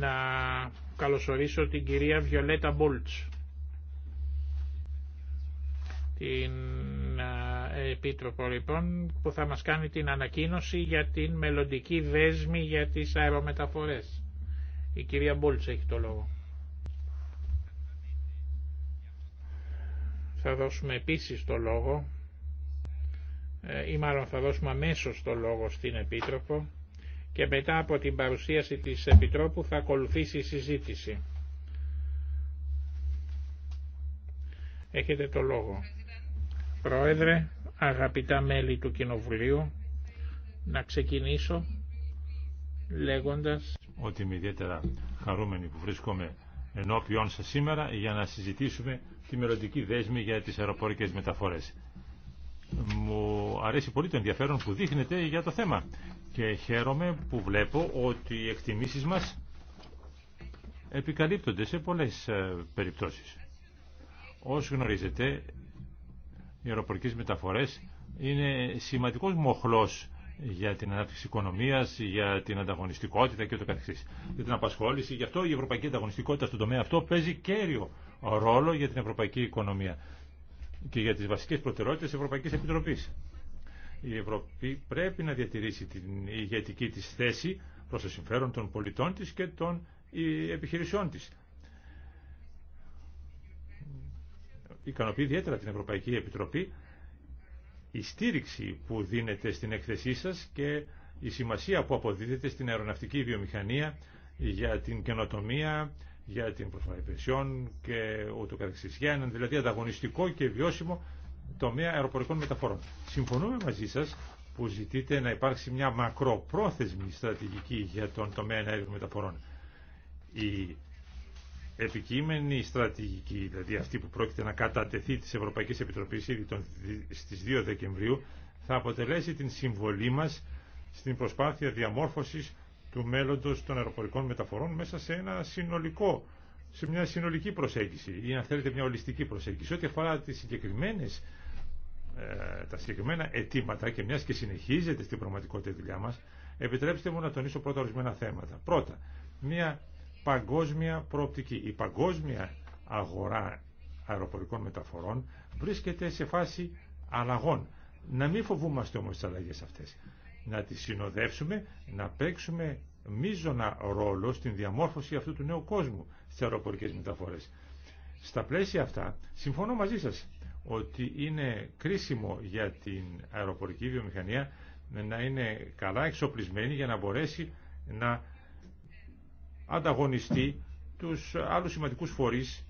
να καλωσορίσω την κυρία Βιολέτα Μπούλτς, την Επίτροπο λοιπόν, που θα μας κάνει την ανακοίνωση για την μελλοντική δέσμη για τις αερομεταφορές. Η κυρία Μπούλτς έχει το λόγο. Θα δώσουμε επίσης το λόγο ε, ή μάλλον θα δώσουμε αμέσως το λόγο στην Επίτροπο και μετά από την παρουσίαση της Επιτρόπου θα ακολουθήσει η συζήτηση. Έχετε το λόγο. Πρόεδρε, αγαπητά μέλη του Κοινοβουλίου, να ξεκινήσω λέγοντας ότι είμαι ιδιαίτερα χαρούμενη που βρίσκομαι ενώπιόν σας σήμερα για να συζητήσουμε τη μελλοντική δέσμη για τις αεροπορικές μεταφορές. Μου αρέσει πολύ το ενδιαφέρον που δείχνετε για το θέμα και χαίρομαι που βλέπω ότι οι εκτιμήσεις μας επικαλύπτονται σε πολλές ε, περιπτώσεις. Όσοι γνωρίζετε, οι αεροπορικές μεταφορές είναι σημαντικός μοχλός για την ανάπτυξη οικονομίας, για την ανταγωνιστικότητα και το καθεξής. Για την απασχόληση, γι' αυτό η ευρωπαϊκή ανταγωνιστικότητα στον τομέα αυτό παίζει κέριο ρόλο για την ευρωπαϊκή οικονομία και για τις βασικές προτεραιότητες της Ευρωπαϊκής Επιτροπής η Ευρώπη πρέπει να διατηρήσει την ηγετική της θέση προς το συμφέρον των πολιτών της και των ε, επιχειρησιών της. Ικανοποιεί ιδιαίτερα την Ευρωπαϊκή Επιτροπή η στήριξη που δίνεται στην έκθεσή σας και η σημασία που αποδίδεται στην αεροναυτική βιομηχανία για την καινοτομία, για την προσφορά υπηρεσιών και ούτω καθεξής. Για έναν δηλαδή ανταγωνιστικό και βιώσιμο τομέα αεροπορικών μεταφορών. Συμφωνούμε μαζί σα που ζητείτε να υπάρξει μια μακροπρόθεσμη στρατηγική για τον τομέα αεροπορικών μεταφορών. Η επικείμενη στρατηγική, δηλαδή αυτή που πρόκειται να κατατεθεί τη Ευρωπαϊκή Επιτροπή ήδη στι 2 Δεκεμβρίου, θα αποτελέσει την συμβολή μα στην προσπάθεια διαμόρφωση του μέλλοντος των αεροπορικών μεταφορών μέσα σε ένα συνολικό σε μια συνολική προσέγγιση ή αν θέλετε μια ολιστική προσέγγιση. Ό,τι αφορά τι συγκεκριμένες ε, τα συγκεκριμένα αιτήματα και μια και συνεχίζεται στην πραγματικότητα η δουλειά μα, επιτρέψτε μου να τονίσω πρώτα ορισμένα θέματα. Πρώτα, μια παγκόσμια προοπτική. Η παγκόσμια αγορά αεροπορικών μεταφορών βρίσκεται σε φάση αλλαγών. Να μην φοβούμαστε όμως τις αλλαγές αυτές. Να τις συνοδεύσουμε, να παίξουμε μίζωνα ρόλο στην διαμόρφωση αυτού του νέου κόσμου στις αεροπορικές μεταφορές. Στα πλαίσια αυτά, συμφωνώ μαζί σας, ότι είναι κρίσιμο για την αεροπορική βιομηχανία να είναι καλά εξοπλισμένη για να μπορέσει να ανταγωνιστεί τους άλλους σημαντικούς φορείς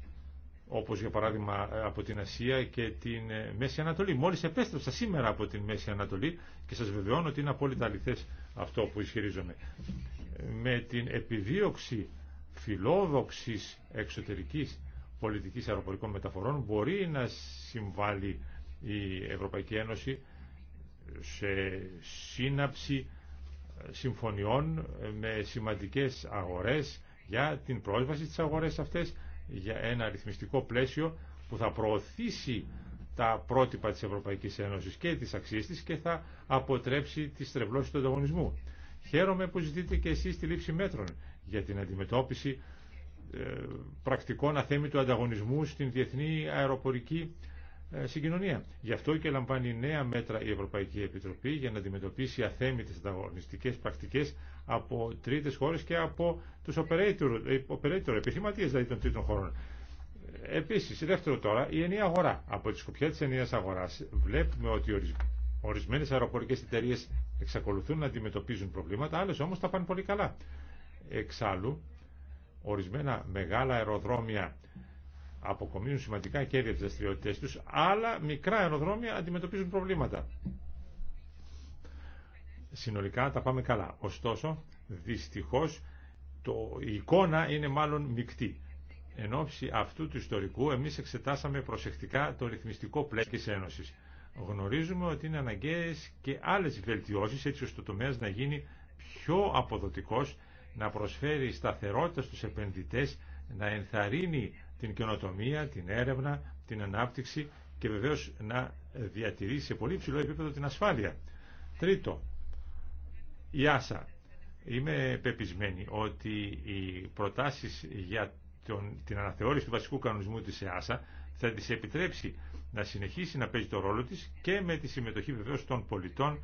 όπως για παράδειγμα από την Ασία και την Μέση Ανατολή. Μόλις επέστρεψα σήμερα από την Μέση Ανατολή και σας βεβαιώνω ότι είναι απόλυτα αληθές αυτό που ισχυρίζομαι. Με την επιδίωξη φιλόδοξης εξωτερικής πολιτικής αεροπορικών μεταφορών μπορεί να συμβάλλει η Ευρωπαϊκή Ένωση σε σύναψη ε, συμφωνιών ε, με σημαντικές αγορές για την πρόσβαση στις αγορές αυτές για ένα ρυθμιστικό πλαίσιο που θα προωθήσει τα πρότυπα της Ευρωπαϊκής Ένωσης και τις αξίες της και θα αποτρέψει τις στρεβλώση του ανταγωνισμού. Χαίρομαι που ζητείτε και εσείς τη λήψη μέτρων για την αντιμετώπιση ε, πρακτικών αθέμητου ανταγωνισμού στην διεθνή αεροπορική ε, συγκοινωνία. Γι' αυτό και λαμβάνει νέα μέτρα η Ευρωπαϊκή Επιτροπή για να αντιμετωπίσει αθέμητες ανταγωνιστικές πρακτικές από τρίτες χώρες και από τους operator, ε, operator επιχειρηματίες δηλαδή των τρίτων χώρων. Επίσης, δεύτερο τώρα, η ενιαία αγορά. Από τη σκοπιά της ενιαίας αγοράς βλέπουμε ότι ορισμένες αεροπορικές εταιρείε εξακολουθούν να αντιμετωπίζουν προβλήματα, άλλες όμως τα πάνε πολύ καλά. Εξάλλου, Ορισμένα μεγάλα αεροδρόμια αποκομίζουν σημαντικά κέρδη από τι του, αλλά μικρά αεροδρόμια αντιμετωπίζουν προβλήματα. Συνολικά τα πάμε καλά. Ωστόσο, δυστυχώ η εικόνα είναι μάλλον μεικτή. Εν ώψη αυτού του ιστορικού, εμεί εξετάσαμε προσεκτικά το ρυθμιστικό πλαίσιο τη Ένωση. Γνωρίζουμε ότι είναι αναγκαίε και άλλε βελτιώσει έτσι ώστε το τομέα να γίνει πιο αποδοτικό να προσφέρει σταθερότητα στους επενδυτές, να ενθαρρύνει την καινοτομία, την έρευνα, την ανάπτυξη και βεβαίως να διατηρήσει σε πολύ ψηλό επίπεδο την ασφάλεια. Τρίτο, η Άσα. Είμαι πεπισμένη ότι οι προτάσεις για τον, την αναθεώρηση του βασικού κανονισμού της ΕΑΣΑ θα της επιτρέψει να συνεχίσει να παίζει το ρόλο της και με τη συμμετοχή βεβαίως των πολιτών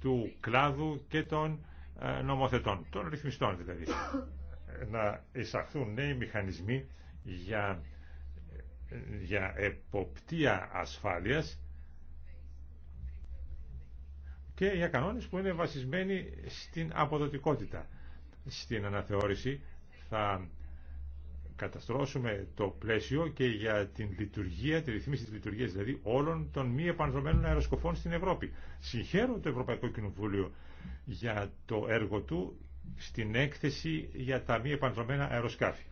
του κλάδου και των ε, νομοθετών, των ρυθμιστών δηλαδή, να εισαχθούν νέοι μηχανισμοί για, για εποπτεία ασφάλειας και για κανόνες που είναι βασισμένοι στην αποδοτικότητα. Στην αναθεώρηση θα καταστρώσουμε το πλαίσιο και για την λειτουργία, τη ρυθμίση της λειτουργίας δηλαδή όλων των μη επανδρομένων αεροσκοφών στην Ευρώπη. Συγχαίρω το Ευρωπαϊκό Κοινοβούλιο για το έργο του στην έκθεση για τα μη επανδρομένα αεροσκάφη.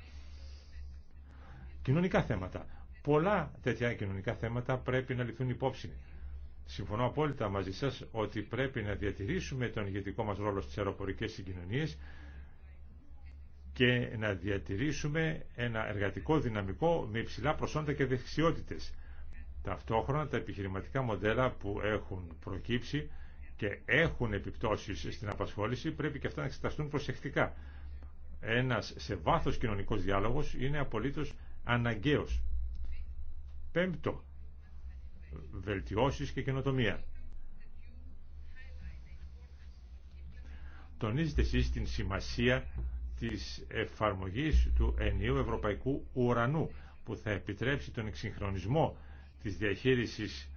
Κοινωνικά θέματα. Πολλά τέτοια κοινωνικά θέματα πρέπει να ληφθούν υπόψη. Συμφωνώ απόλυτα μαζί σας ότι πρέπει να διατηρήσουμε τον ηγετικό μας ρόλο στις αεροπορικές συγκοινωνίες και να διατηρήσουμε ένα εργατικό δυναμικό με υψηλά προσόντα και δεξιότητες. Ταυτόχρονα τα επιχειρηματικά μοντέλα που έχουν προκύψει και έχουν επιπτώσεις στην απασχόληση πρέπει και αυτά να εξεταστούν προσεκτικά. Ένας σε βαθο κοινωνικός διάλογος είναι απολύτως αναγκαίος. Πέμπτο, βελτιώσεις και καινοτομία. Τονίζετε εσεί την σημασία της εφαρμογής του Ενίου ευρωπαϊκού ουρανού που θα επιτρέψει τον εξυγχρονισμό της διαχείρισης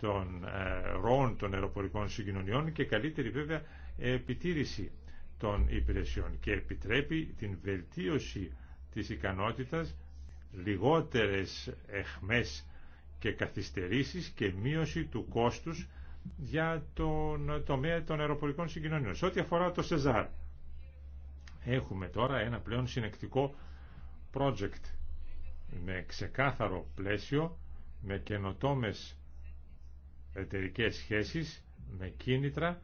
των ε, ροών των αεροπορικών συγκοινωνιών και καλύτερη βέβαια επιτήρηση των υπηρεσιών και επιτρέπει την βελτίωση της ικανότητας λιγότερες εχμές και καθυστερήσεις και μείωση του κόστους για τον τομέα των αεροπορικών συγκοινωνιών. Σε ό,τι αφορά το ΣΕΖΑΡ, έχουμε τώρα ένα πλέον συνεκτικό project με ξεκάθαρο πλαίσιο, με καινοτόμες εταιρικές σχέσεις με κίνητρα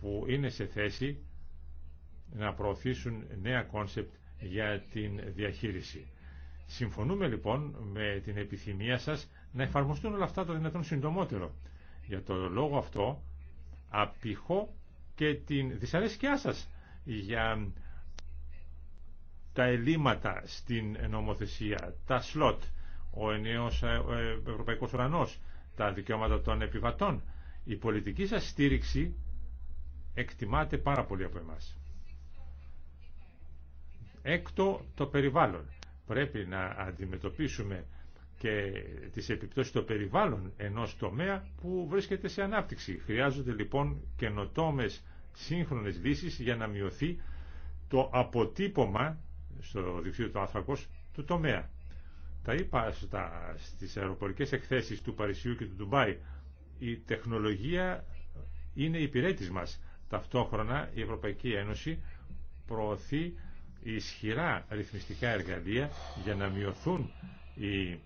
που είναι σε θέση να προωθήσουν νέα κόνσεπτ για την διαχείριση. Συμφωνούμε λοιπόν με την επιθυμία σας να εφαρμοστούν όλα αυτά το δυνατόν συντομότερο. Για το λόγο αυτό απηχώ και την δυσαρέσκειά σας για τα ελλείμματα στην νομοθεσία, τα σλότ, ο ενιαίος ε, ε, ευρωπαϊκός ουρανός, τα δικαιώματα των επιβατών. Η πολιτική σας στήριξη εκτιμάται πάρα πολύ από εμάς. Έκτο, το περιβάλλον. Πρέπει να αντιμετωπίσουμε και τις επιπτώσεις των περιβάλλον ενός τομέα που βρίσκεται σε ανάπτυξη. Χρειάζονται λοιπόν καινοτόμες σύγχρονες λύσεις για να μειωθεί το αποτύπωμα στο δικτύο του άνθρακος του τομέα. Τα είπα στα, στις αεροπορικές εκθέσεις του Παρισιού και του Ντουμπάι. Η τεχνολογία είναι υπηρέτης μας. Ταυτόχρονα η Ευρωπαϊκή Ένωση προωθεί ισχυρά ρυθμιστικά εργαλεία για να μειωθούν οι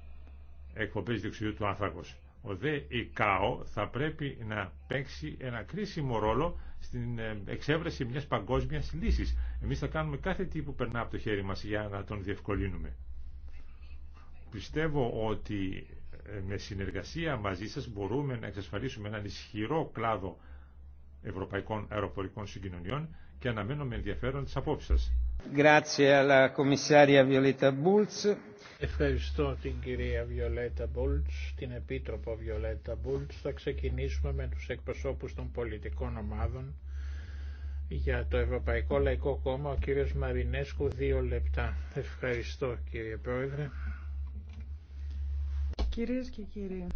εκπομπές διοξιδίου του άνθρακος. Ο ΔΕ θα πρέπει να παίξει ένα κρίσιμο ρόλο στην ε, εξέβρεση μιας παγκόσμιας λύσης. Εμείς θα κάνουμε κάθε τι που περνά από το χέρι μας για να τον διευκολύνουμε. Πιστεύω ότι ε, με συνεργασία μαζί σας μπορούμε να εξασφαλίσουμε έναν ισχυρό κλάδο ευρωπαϊκών αεροπορικών συγκοινωνιών και αναμένω με ενδιαφέρον τις απόψεις σας. Ευχαριστώ την κυρία Βιολέτα Μπούλτς, την Επίτροπο Βιολέτα Μπούλτς. Θα ξεκινήσουμε με τους εκπροσώπους των πολιτικών ομάδων. Για το Ευρωπαϊκό Λαϊκό Κόμμα ο κύριος Μαρινέσκου δύο λεπτά. Ευχαριστώ κύριε Πρόεδρε. Κυρίες και κύριοι,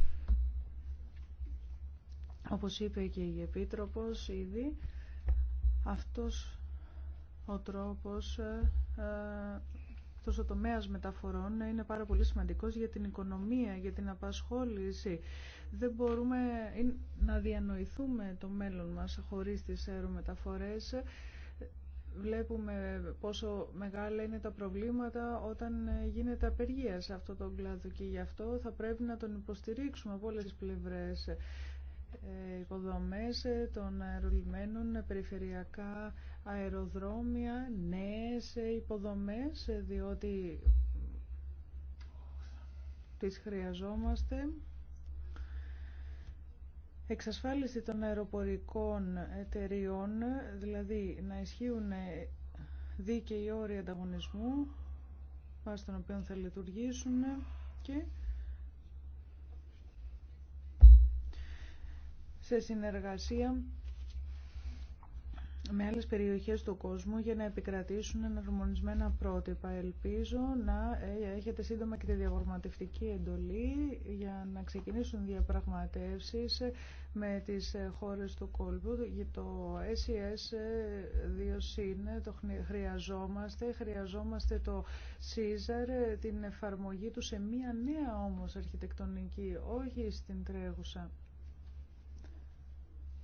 όπως είπε και η Επίτροπος ήδη, αυτός ο τρόπος, ε, ε, αυτός ο τομέας μεταφορών είναι πάρα πολύ σημαντικός για την οικονομία, για την απασχόληση. Δεν μπορούμε ε, να διανοηθούμε το μέλλον μας χωρίς τις αερομεταφορές βλέπουμε πόσο μεγάλα είναι τα προβλήματα όταν ε, γίνεται απεργία σε αυτό το κλάδο και γι' αυτό θα πρέπει να τον υποστηρίξουμε από όλες τις πλευρές ε, υποδομές ε, των αερολιμένων, ε, περιφερειακά αεροδρόμια, νέες υποδομές διότι τις χρειαζόμαστε εξασφάλιση των αεροπορικών εταιριών, δηλαδή να ισχύουν δίκαιοι όροι ανταγωνισμού, βάσει των οποίων θα λειτουργήσουν και σε συνεργασία με άλλες περιοχές του κόσμου για να επικρατήσουν εναρμονισμένα πρότυπα. Ελπίζω να ε, έχετε σύντομα και τη διαπραγματευτική εντολή για να ξεκινήσουν διαπραγματεύσεις ε, με τις ε, χώρες του κόλπου. Για το SES 2 e το χρειαζόμαστε, χρειαζόμαστε το CISAR, την εφαρμογή του σε μία νέα όμως αρχιτεκτονική, όχι στην τρέχουσα.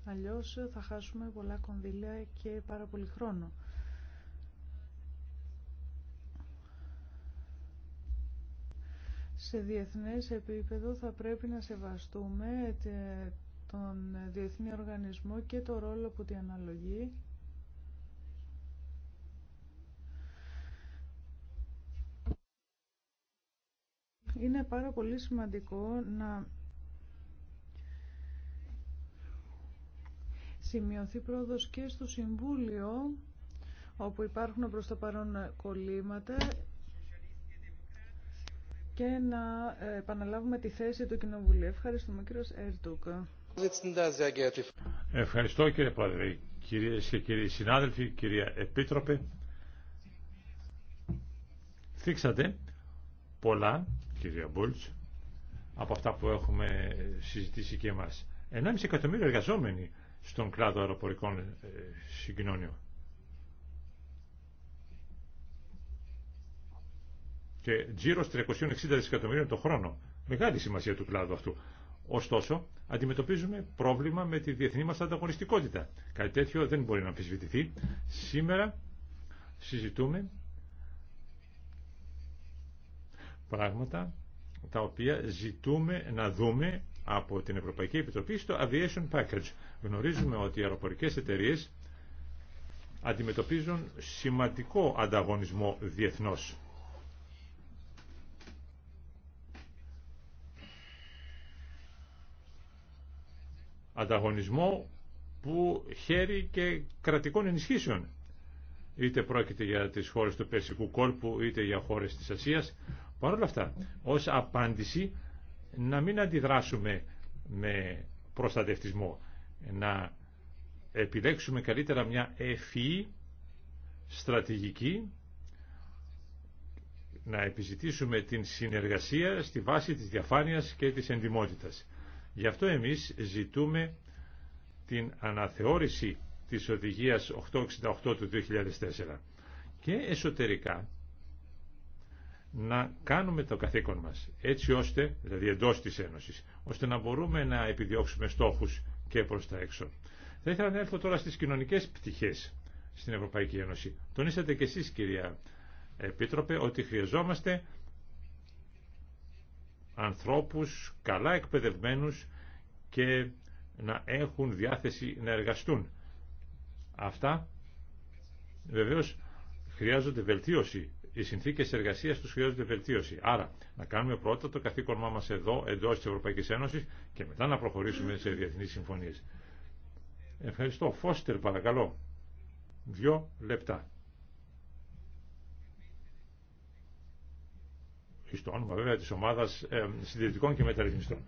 Αλλιώς θα χάσουμε πολλά κονδύλια και πάρα πολύ χρόνο. Σε διεθνές επίπεδο θα πρέπει να σεβαστούμε τον διεθνή οργανισμό και το ρόλο που τη αναλογεί. Είναι πάρα πολύ σημαντικό να σημειωθεί πρόοδος και στο Συμβούλιο, όπου υπάρχουν προς το παρόν κολλήματα, και να ε, επαναλάβουμε τη θέση του Κοινοβουλίου. Ευχαριστούμε κύριο Ερτούκ. Ευχαριστώ κύριε Πρόεδρε, κυρίες και κύριοι συνάδελφοι, κυρία Επίτροπε. Θίξατε πολλά, κυρία Μπούλτς, από αυτά που έχουμε συζητήσει και εμάς. 1,5 εκατομμύριο εργαζόμενοι στον κλάδο αεροπορικών ε, συγκοινωνιών. Και τζίρο 360 δισεκατομμυρίων το χρόνο. Μεγάλη σημασία του κλάδου αυτού. Ωστόσο, αντιμετωπίζουμε πρόβλημα με τη διεθνή μας ανταγωνιστικότητα. Κάτι τέτοιο δεν μπορεί να αμφισβητηθεί. Σήμερα συζητούμε πράγματα τα οποία ζητούμε να δούμε από την Ευρωπαϊκή Επιτροπή στο Aviation Package. Γνωρίζουμε ότι οι αεροπορικές εταιρείες αντιμετωπίζουν σημαντικό ανταγωνισμό διεθνώς. Ανταγωνισμό που χαίρει και κρατικών ενισχύσεων. Είτε πρόκειται για τις χώρες του Περσικού κόλπου, είτε για χώρες της Ασίας. Παρ' όλα αυτά, ως απάντηση να μην αντιδράσουμε με προστατευτισμό, να επιλέξουμε καλύτερα μια ευφυή στρατηγική, να επιζητήσουμε την συνεργασία στη βάση της διαφάνειας και της εντιμότητας. Γι' αυτό εμείς ζητούμε την αναθεώρηση της οδηγίας 868 του 2004 και εσωτερικά να κάνουμε το καθήκον μας, έτσι ώστε, δηλαδή εντός της Ένωσης, ώστε να μπορούμε να επιδιώξουμε στόχους και προς τα έξω. Θα ήθελα να έρθω τώρα στις κοινωνικές πτυχές στην Ευρωπαϊκή Ένωση. Τονίσατε και εσείς κυρία Επίτροπε ότι χρειαζόμαστε ανθρώπους καλά εκπαιδευμένους και να έχουν διάθεση να εργαστούν. Αυτά βεβαίως χρειάζονται βελτίωση οι συνθήκε εργασία του χρειάζονται βελτίωση. Άρα, να κάνουμε πρώτα το καθήκον μας εδώ, εντός της Ευρωπαϊκής Ένωσης και μετά να προχωρήσουμε σε διεθνεί συμφωνίε. Ευχαριστώ. Φώστερ, παρακαλώ. Δυο λεπτά. Στο όνομα βέβαια της ομάδας ε, συντηρητικών και μεταρρυθμιστών.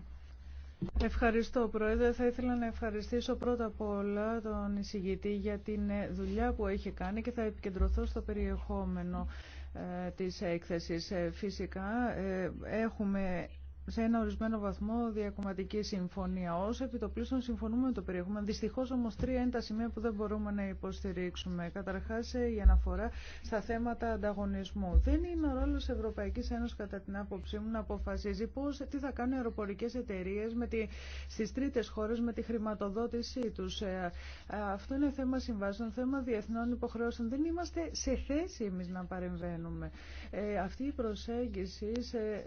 Ευχαριστώ Πρόεδρε. Θα ήθελα να ευχαριστήσω πρώτα απ' όλα τον εισηγητή για την δουλειά που έχει κάνει και θα επικεντρωθώ στο περιεχόμενο. Ε, της έκθεσης. Ε, φυσικά ε, έχουμε σε ένα ορισμένο βαθμό διακομματική συμφωνία. Όσο επιτοπλίστων συμφωνούμε με το περιεχόμενο. Δυστυχώ όμω τρία είναι τα σημεία που δεν μπορούμε να υποστηρίξουμε. Καταρχά ε, η αναφορά στα θέματα ανταγωνισμού. Δεν είναι ο ρόλο Ευρωπαϊκή Ένωση, κατά την άποψή μου, να αποφασίζει πώς, τι θα κάνουν οι αεροπορικέ εταιρείε στι τρίτε χώρε με τη χρηματοδότησή του. Ε, αυτό είναι θέμα συμβάσεων, θέμα διεθνών υποχρεώσεων. Δεν είμαστε σε θέση εμεί να παρεμβαίνουμε. Ε, αυτή η προσέγγιση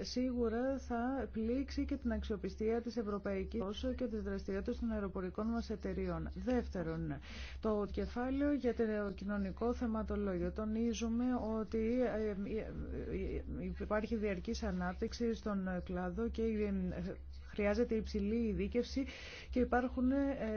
σίγουρα θα πλήξει και την αξιοπιστία της Ευρωπαϊκής όσο και της δραστηριότητα των αεροπορικών μας εταιριών. Δεύτερον, το κεφάλαιο για το κοινωνικό θεματολόγιο. Τονίζουμε ότι ε, ε, ε, υπάρχει διαρκής ανάπτυξη στον κλάδο και Χρειάζεται υψηλή ειδίκευση και υπάρχουν ε,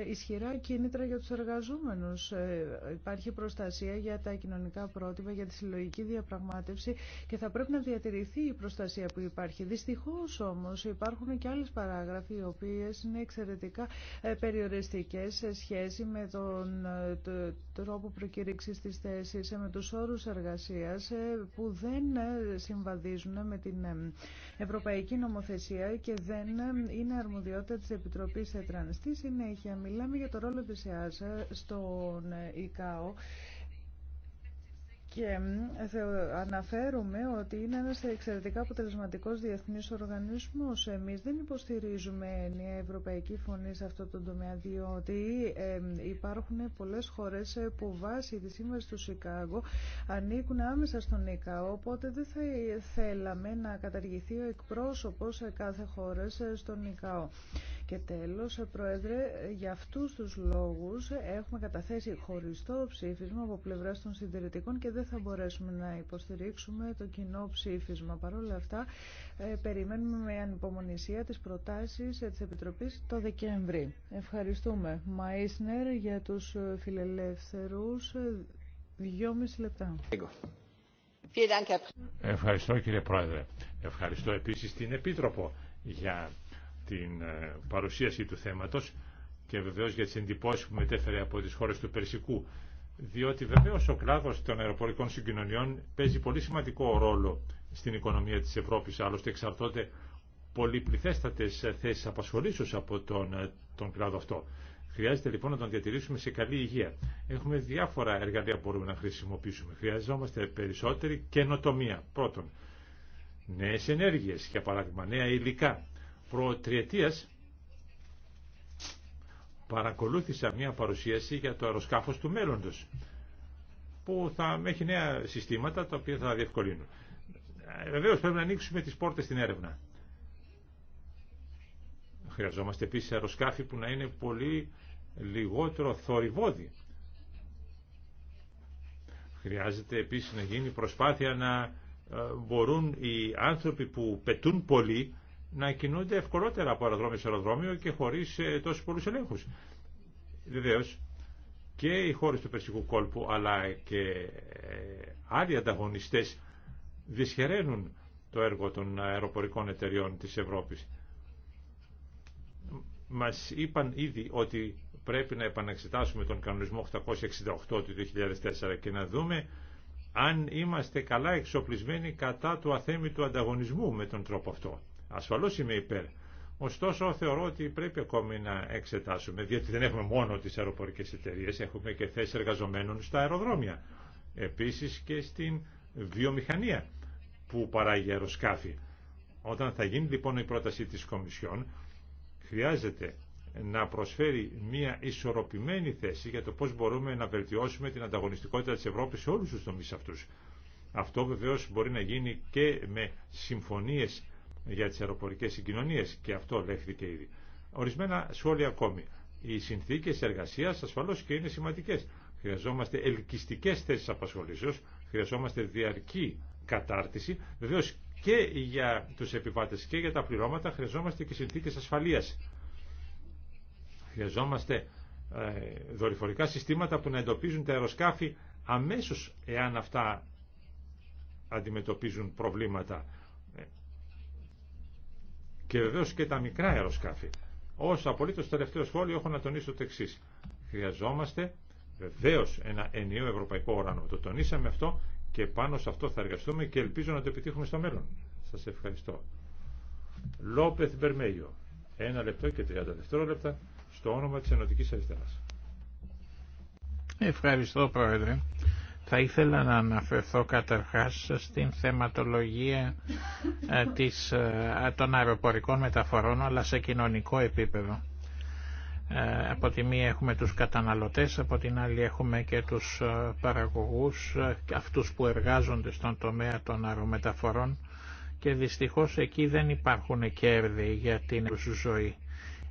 ισχυρά κίνητρα για τους εργαζόμενους. Ε, υπάρχει προστασία για τα κοινωνικά πρότυπα, για τη συλλογική διαπραγμάτευση και θα πρέπει να διατηρηθεί η προστασία που υπάρχει. Δυστυχώς όμως υπάρχουν και άλλες παράγραφοι οι οποίες είναι εξαιρετικά ε, περιοριστικές σε σχέση με τον τρόπο προκήρυξης της θέσης, με τους όρους εργασίας που δεν συμβαδίζουν με την ευρωπαϊκή νομοθεσία και δεν είναι αρμοδιότητα της Επιτροπής ΕΤΡΑΝ. Στη συνέχεια μιλάμε για το ρόλο της ΕΑΣΑ στον ε, ΙΚΑΟ και αναφέρουμε ότι είναι ένας εξαιρετικά αποτελεσματικός διεθνής οργανισμός. Εμείς δεν υποστηρίζουμε μια ευρωπαϊκή φωνή σε αυτό το τομέα, διότι υπάρχουν πολλές χώρες που βάσει τη σύμβαση του Σικάγο ανήκουν άμεσα στον ΙΚΑΟ, οπότε δεν θα θέλαμε να καταργηθεί ο εκπρόσωπος κάθε χώρα ε, στον ΙΚΑΟ. Και τέλος, Πρόεδρε, για αυτούς τους λόγους έχουμε καταθέσει χωριστό ψήφισμα από πλευρά των συντηρητικών και δεν θα μπορέσουμε να υποστηρίξουμε το κοινό ψήφισμα. Παρ' όλα αυτά, ε, περιμένουμε με ανυπομονησία τις προτάσεις ε, της Επιτροπής το Δεκέμβρη. Ευχαριστούμε. Μαΐσνερ για τους ε, φιλελεύθερους. Δυόμιση λεπτά. Ευχαριστώ κύριε Πρόεδρε. Ευχαριστώ επίσης την Επίτροπο για την ε, παρουσίαση του θέματος και βεβαίως για τις εντυπώσεις που μετέφερε από τις χώρες του Περσικού. Διότι βεβαίως ο κλάδος των αεροπορικών συγκοινωνιών παίζει πολύ σημαντικό ρόλο στην οικονομία της Ευρώπης, άλλωστε εξαρτώνται πολυπληθέστατες ε, θέσεις απασχολήσεως από τον, ε, τον κλάδο αυτό. Χρειάζεται λοιπόν να τον διατηρήσουμε σε καλή υγεία. Έχουμε διάφορα εργαλεία που μπορούμε να χρησιμοποιήσουμε. Χρειαζόμαστε περισσότερη καινοτομία. Πρώτον, νέες ενέργειες, για παράδειγμα νέα υλικά, προτριετίας παρακολούθησα μια παρουσίαση για το αεροσκάφος του μέλλοντος που θα έχει νέα συστήματα τα οποία θα διευκολύνουν. Ε, Βεβαίω πρέπει να ανοίξουμε τις πόρτες στην έρευνα. Χρειαζόμαστε επίσης αεροσκάφη που να είναι πολύ λιγότερο θορυβόδη. Χρειάζεται επίσης να γίνει προσπάθεια να ε, μπορούν οι άνθρωποι που πετούν πολύ να κινούνται ευκολότερα από αεροδρόμιο σε αεροδρόμιο και χωρίς ε, τόσους πολλούς ελέγχους. Βεβαίω, και οι χώρε του Περσικού κόλπου αλλά και ε, άλλοι ανταγωνιστέ δυσχεραίνουν το έργο των αεροπορικών εταιριών της Ευρώπης. Μας είπαν ήδη ότι πρέπει να επαναξετάσουμε τον κανονισμό 868 του 2004 και να δούμε αν είμαστε καλά εξοπλισμένοι κατά του αθέμητου ανταγωνισμού με τον τρόπο αυτό. Ασφαλώς είμαι υπέρ. Ωστόσο θεωρώ ότι πρέπει ακόμη να εξετάσουμε, διότι δεν έχουμε μόνο τις αεροπορικές εταιρείε, έχουμε και θέσεις εργαζομένων στα αεροδρόμια. Επίσης και στην βιομηχανία που παράγει αεροσκάφη. Όταν θα γίνει λοιπόν η πρόταση της Κομισιόν, χρειάζεται να προσφέρει μια ισορροπημένη θέση για το πώς μπορούμε να βελτιώσουμε την ανταγωνιστικότητα της Ευρώπης σε όλους τους τομείς αυτούς. Αυτό βεβαίως μπορεί να γίνει και με συμφωνίες για τις αεροπορικές συγκοινωνίες και αυτό λέχθηκε ήδη. Ορισμένα σχόλια ακόμη. Οι συνθήκες εργασίας ασφαλώς και είναι σημαντικές. Χρειαζόμαστε ελκυστικές θέσεις απασχολήσεως, χρειαζόμαστε διαρκή κατάρτιση, βεβαίως και για τους επιβάτες και για τα πληρώματα χρειαζόμαστε και συνθήκες ασφαλείας. Χρειαζόμαστε ε, δορυφορικά συστήματα που να εντοπίζουν τα αεροσκάφη αμέσως εάν αυτά αντιμετωπίζουν προβλήματα και βεβαίω και τα μικρά αεροσκάφη. Ω απολύτω τελευταίο σχόλιο έχω να τονίσω το εξή. Χρειαζόμαστε βεβαίω ένα ενιαίο ευρωπαϊκό ουρανό. Το τονίσαμε αυτό και πάνω σε αυτό θα εργαστούμε και ελπίζω να το επιτύχουμε στο μέλλον. Σα ευχαριστώ. Λόπεθ Μπερμέγιο. Ένα λεπτό και 30 δευτερόλεπτα στο όνομα τη Ενωτική Αριστερά. Ευχαριστώ Πρόεδρε. Θα ήθελα να αναφερθώ καταρχάς στην θεματολογία ε, της, ε, των αεροπορικών μεταφορών αλλά σε κοινωνικό επίπεδο. Ε, από τη μία έχουμε τους καταναλωτές, από την άλλη έχουμε και τους παραγωγούς, αυτούς που εργάζονται στον τομέα των αερομεταφορών και δυστυχώς εκεί δεν υπάρχουν κέρδη για την ζωή.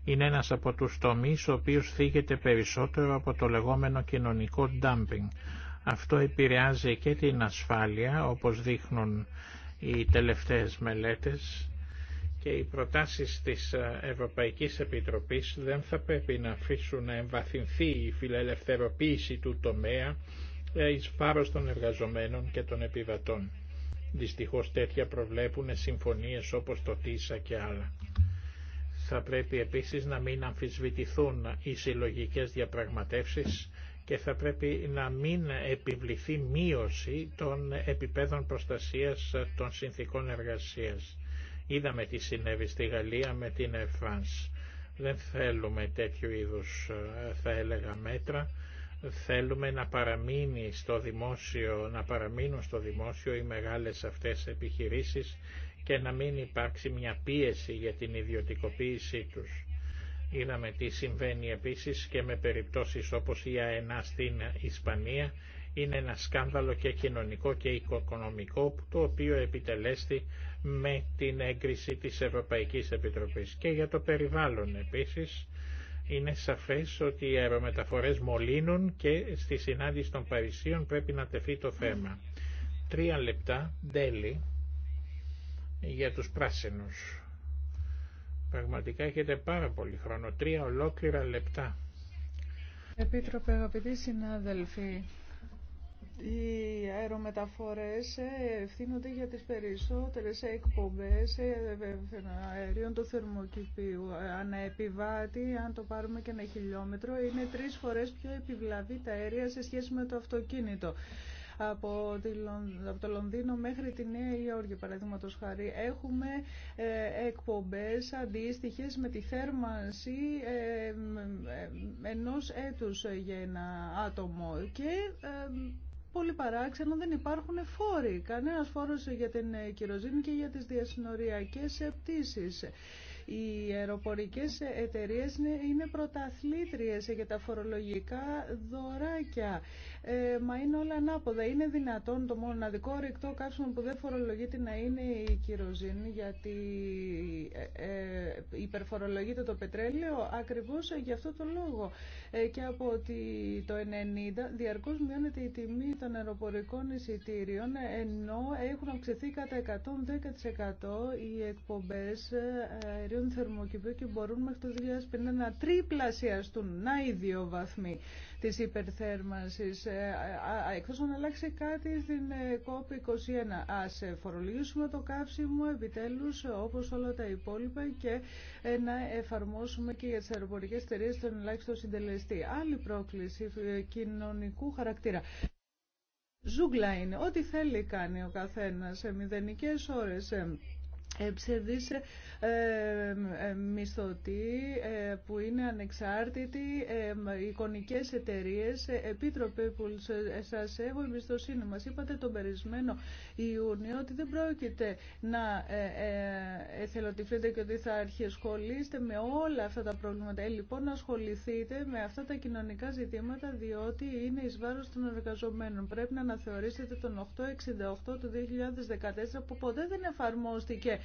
Είναι ένας από τους τομείς ο οποίος θίγεται περισσότερο από το λεγόμενο κοινωνικό ντάμπινγκ, αυτό επηρεάζει και την ασφάλεια, όπως δείχνουν οι τελευταίες μελέτες και οι προτάσεις της Ευρωπαϊκής Επιτροπής δεν θα πρέπει να αφήσουν να εμβαθυνθεί η φιλελευθεροποίηση του τομέα ε, εις βάρος των εργαζομένων και των επιβατών. Δυστυχώς τέτοια προβλέπουν συμφωνίες όπως το ΤΙΣΑ και άλλα. Θα πρέπει επίσης να μην αμφισβητηθούν οι συλλογικές διαπραγματεύσεις και θα πρέπει να μην επιβληθεί μείωση των επιπέδων προστασίας των συνθήκων εργασίας. Είδαμε τι συνέβη στη Γαλλία με την ΕΦΑΝΣ. Δεν θέλουμε τέτοιου είδους, θα έλεγα, μέτρα. Θέλουμε να, παραμείνει στο δημόσιο, να παραμείνουν στο δημόσιο οι μεγάλες αυτές επιχειρήσεις και να μην υπάρξει μια πίεση για την ιδιωτικοποίησή τους. Είδαμε τι συμβαίνει επίσης και με περιπτώσεις όπως η ΑΕΝΑ στην Ισπανία. Είναι ένα σκάνδαλο και κοινωνικό και οικονομικό το οποίο επιτελέστη με την έγκριση της Ευρωπαϊκής Επιτροπής. Και για το περιβάλλον επίσης είναι σαφές ότι οι αερομεταφορές μολύνουν και στη συνάντηση των Παρισίων πρέπει να τεθεί το θέμα. Τρία λεπτά, τέλει, για τους πράσινους. Πραγματικά έχετε πάρα πολύ χρόνο, τρία ολόκληρα λεπτά. Επίτροπε, αγαπητοί συνάδελφοι, οι αερομεταφορές ευθύνονται για τις περισσότερες εκπομπές αερίων του θερμοκηπίου. Ανά αν το πάρουμε και ένα χιλιόμετρο, είναι τρεις φορές πιο επιβλαβή τα αέρια σε σχέση με το αυτοκίνητο από, το Λονδίνο μέχρι τη Νέα Υόρκη, παραδείγματος χάρη. Έχουμε ε, εκπομπές αντίστοιχες με τη θέρμανση ε, ε, ενός έτους για ένα άτομο και πολύ παράξενο δεν υπάρχουν φόροι. Κανένας φόρος για την κυροζήνη και για τις διασυνοριακές πτήσεις. Οι αεροπορικές εταιρείες είναι πρωταθλήτριες για τα φορολογικά δωράκια. Ε, μα είναι όλα ανάποδα. Είναι δυνατόν το μοναδικό ρηκτό κάψιμο που δεν φορολογείται να είναι η κυροζήνη γιατί ε, ε, υπερφορολογείται το πετρέλαιο ακριβώς γι' αυτό το λόγο. Ε, και από το 90 διαρκώς μειώνεται η τιμή των αεροπορικών εισιτήριων ενώ έχουν αυξηθεί κατά 110% οι εκπομπές ε, αερίων και μπορούν μέχρι το 2050 να τριπλασιαστούν, να οι δύο βαθμοί τη υπερθέρμανση. Ε, εκτό αν αλλάξει κάτι στην COP21, ε, Α ε, φορολογήσουμε το καύσιμο επιτέλου, όπω όλα τα υπόλοιπα και να εφαρμόσουμε και για τι αεροπορικέ εταιρείε τον ελάχιστο συντελεστή. Άλλη πρόκληση κοινωνικού χαρακτήρα. Ζούγκλα είναι. Ό,τι θέλει κάνει ο καθένας σε μηδενικές ώρες ψευδής ε, ε, μισθωτή ε, που είναι ανεξάρτητη ε, εικονικές εταιρείες. Ε, επίτροπε που σας έχω εμπιστοσύνη. Μας είπατε τον περισμένο Ιούνιο ότι δεν πρόκειται να ε, εθελοτυφλείτε και ότι θα αρχιεσχολείστε με όλα αυτά τα προβλήματα. Ε, λοιπόν, να ασχοληθείτε με αυτά τα κοινωνικά ζητήματα διότι είναι εις βάρος των εργαζομένων. Πρέπει να αναθεωρήσετε τον 868 του 2014 που ποτέ δεν εφαρμόστηκε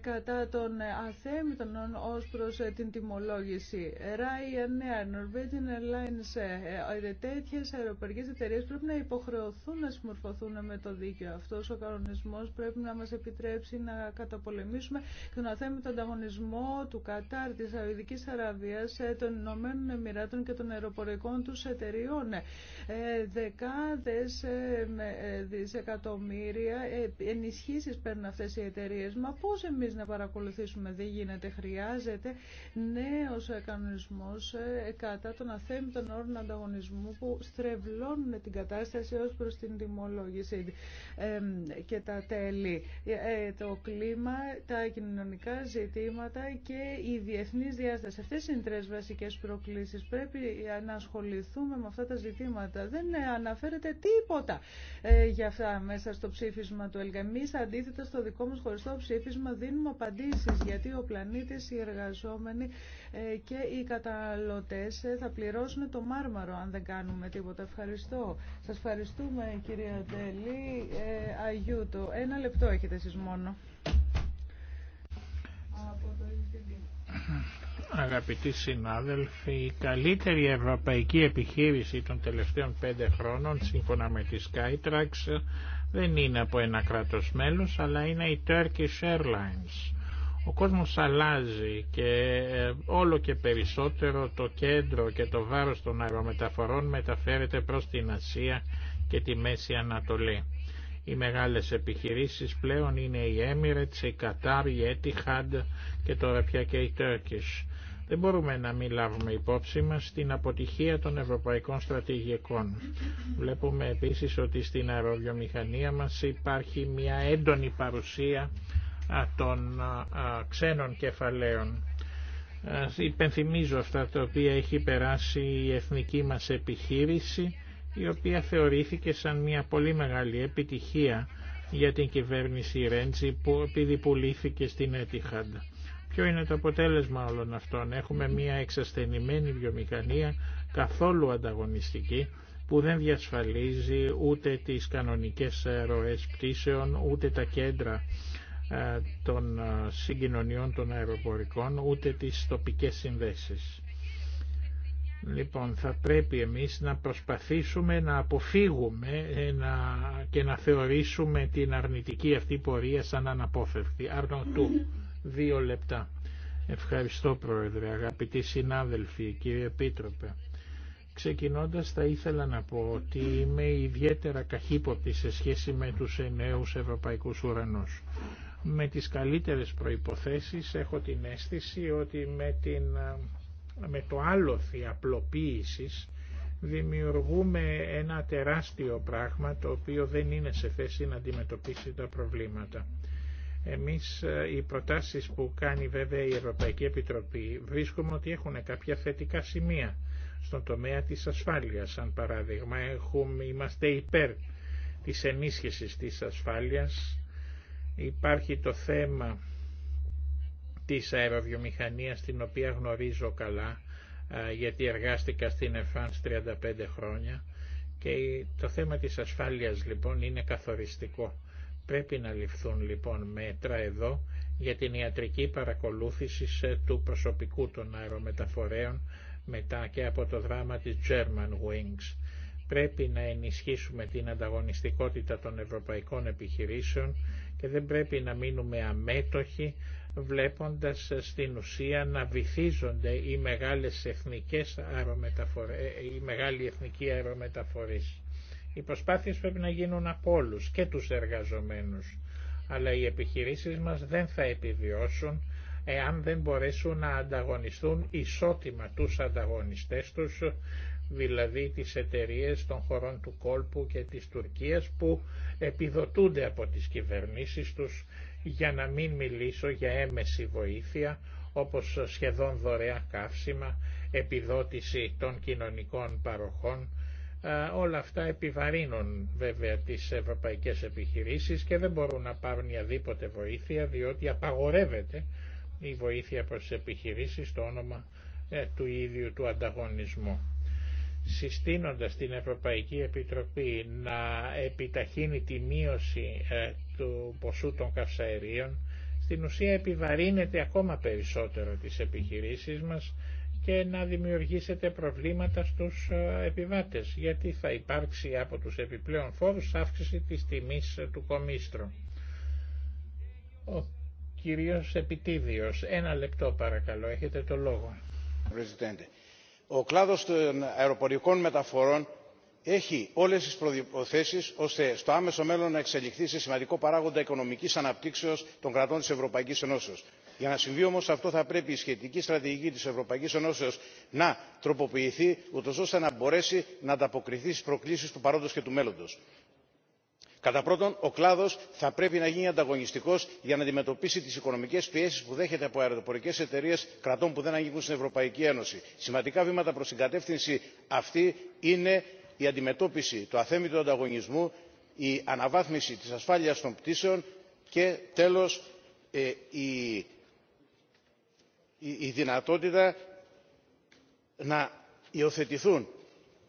κατά των αθέμητων ως προς ε, την τιμολόγηση. Ryanair, Norwegian Airlines, ε, ε, τέτοιες αεροπορικές εταιρείες πρέπει να υποχρεωθούν να συμμορφωθούν με το δίκαιο. Αυτός ο κανονισμός πρέπει να μας επιτρέψει να καταπολεμήσουμε τον αθέμητο ανταγωνισμό του Κατάρ, της Σαουδικής Αραβίας, των Ηνωμένων Εμμυράτων και των αεροπορικών τους εταιριών. Δεκάδες δισεκατομμύρια ενισχύσεις παίρνουν αυτέ οι εταιρείε, Μα πώς εμείς να παρακολουθήσουμε, δεν γίνεται. Χρειάζεται νέος κανονισμός ε, κατά των αθέμητων όρων ανταγωνισμού που στρεβλώνουν την κατάσταση ως προς την τιμολόγηση και τα τέλη. Ε, ε, το κλίμα, τα κοινωνικά ζητήματα και η διεθνής διάσταση. Αυτές είναι τρει τρεις βασικές προκλήσεις. Πρέπει να ασχοληθούμε με αυτά τα ζητήματα. Δεν αναφέρεται τίποτα για αυτά μέσα στο ψήφισμα του ΕΛΚΑ. Εμείς αντίθετα στο δικό μα χωριστό ψήφισμα να δίνουμε απαντήσεις γιατί ο πλανήτης, οι εργαζόμενοι ε, και οι καταναλωτές ε, θα πληρώσουν το μάρμαρο αν δεν κάνουμε τίποτα. Ευχαριστώ. Σας ευχαριστούμε κυρία Ντέλη. Ε, Αγιούτο, ένα λεπτό έχετε εσείς μόνο. Αγαπητοί συνάδελφοι, η καλύτερη ευρωπαϊκή επιχείρηση των τελευταίων πέντε χρόνων, σύμφωνα με τη Skytrax, δεν είναι από ένα κράτος μέλος αλλά είναι η Turkish Airlines. Ο κόσμος αλλάζει και ε, όλο και περισσότερο το κέντρο και το βάρος των αερομεταφορών μεταφέρεται προς την Ασία και τη Μέση Ανατολή. Οι μεγάλες επιχειρήσεις πλέον είναι η Emirates, η Qatar, η Etihad και τώρα πια και η Turkish. Δεν μπορούμε να μην λάβουμε υπόψη μας την αποτυχία των ευρωπαϊκών στρατηγικών. Βλέπουμε επίσης ότι στην αεροβιομηχανία μας υπάρχει μια έντονη παρουσία των ξένων κεφαλαίων. Υπενθυμίζω αυτά τα οποία έχει περάσει η εθνική μας επιχείρηση, η οποία θεωρήθηκε σαν μια πολύ μεγάλη επιτυχία για την κυβέρνηση Ρέντζη που επειδή πουλήθηκε στην Etihad. Ποιο είναι το αποτέλεσμα όλων αυτών. Έχουμε μια εξασθενημένη βιομηχανία καθόλου ανταγωνιστική που δεν διασφαλίζει ούτε τις κανονικές ε, ροές πτήσεων, ούτε τα κέντρα ε, των ε, συγκοινωνιών των αεροπορικών, ούτε τις τοπικές συνδέσεις. Λοιπόν, θα πρέπει εμείς να προσπαθήσουμε να αποφύγουμε και να θεωρήσουμε την αρνητική αυτή πορεία σαν αναπόφευκτη. τού. Δύο λεπτά. Ευχαριστώ Πρόεδρε, αγαπητοί συνάδελφοι, κύριε Επίτροπε. Ξεκινώντας θα ήθελα να πω ότι είμαι ιδιαίτερα καχύποπτη σε σχέση με τους νέους ευρωπαϊκούς ουρανούς. Με τις καλύτερες προϋποθέσεις έχω την αίσθηση ότι με, με το άλοθη απλοποίησης δημιουργούμε ένα τεράστιο πράγμα το οποίο δεν είναι σε θέση να αντιμετωπίσει τα προβλήματα. Εμείς ε, οι προτάσεις που κάνει βέβαια η Ευρωπαϊκή Επιτροπή βρίσκουμε ότι έχουν κάποια θετικά σημεία στον τομέα της ασφάλειας. Σαν παράδειγμα έχουμε, είμαστε υπέρ της ενίσχυσης της ασφάλειας. Υπάρχει το θέμα της αεροβιομηχανίας την οποία γνωρίζω καλά ε, γιατί εργάστηκα στην ΕΦΑΝΣ 35 χρόνια και το θέμα της ασφάλειας λοιπόν είναι καθοριστικό Πρέπει να ληφθούν λοιπόν μέτρα εδώ για την ιατρική παρακολούθηση του προσωπικού των αερομεταφορέων μετά και από το δράμα της German Wings. Πρέπει να ενισχύσουμε την ανταγωνιστικότητα των ευρωπαϊκών επιχειρήσεων και δεν πρέπει να μείνουμε αμέτωχοι βλέποντας στην ουσία να βυθίζονται οι μεγάλες εθνικές αερομεταφορές. Ε, οι μεγάλοι εθνικοί οι προσπάθειες πρέπει να γίνουν από όλους και τους εργαζομένους. Αλλά οι επιχειρήσεις μας δεν θα επιβιώσουν εάν δεν μπορέσουν να ανταγωνιστούν ισότιμα τους ανταγωνιστές τους, δηλαδή τις εταιρείες των χωρών του κόλπου και της Τουρκίας που επιδοτούνται από τις κυβερνήσεις τους για να μην μιλήσω για έμεση βοήθεια όπως σχεδόν δωρεά καύσιμα, επιδότηση των κοινωνικών παροχών, ε, όλα αυτά επιβαρύνουν βέβαια τις ευρωπαϊκές επιχειρήσεις και δεν μπορούν να πάρουν οποιαδήποτε βοήθεια διότι απαγορεύεται η βοήθεια προς τις επιχειρήσεις στο όνομα ε, του ίδιου του ανταγωνισμού. Συστήνοντας την Ευρωπαϊκή Επιτροπή να επιταχύνει τη μείωση ε, του ποσού των καυσαερίων, στην ουσία επιβαρύνεται ακόμα περισσότερο τις επιχειρήσεις μας και να δημιουργήσετε προβλήματα στους ε, επιβάτες, γιατί θα υπάρξει από τους επιπλέον φόρους αύξηση της τιμής ε, του κομίστρου. Ο κύριος Επιτίδιος, ένα λεπτό παρακαλώ, έχετε το λόγο. Ο κλάδος των αεροπορικών μεταφορών έχει όλες τις προϋποθέσεις ώστε στο άμεσο μέλλον να εξελιχθεί σε σημαντικό παράγοντα οικονομικής αναπτύξεως των κρατών της ευρωπαϊκής ενώσεως. για να συμβεί όμως αυτό θα πρέπει η σχετική στρατηγική της ευρωπαϊκής ενώσεως να τροποποιηθεί ούτως ώστε να μπορέσει να ανταποκριθεί στις προκλήσεις του παρόντος και του μέλλοντος. κατά πρώτον ο κλάδος θα πρέπει να γίνει ανταγωνιστικός για να αντιμετωπίσει τις οικονομικές πιέσεις που δέχεται από αεροπορικές εταιρείε κρατών που δεν ανήκουν στην ευρωπαϊκή ένωση. σημαντικά βήματα προς την κατεύθυνση αυτή είναι η αντιμετώπιση του αθέμητου ανταγωνισμού η αναβάθμιση της ασφάλειας των πτήσεων και τέλος ε, η δυνατότητα να υιοθετηθούν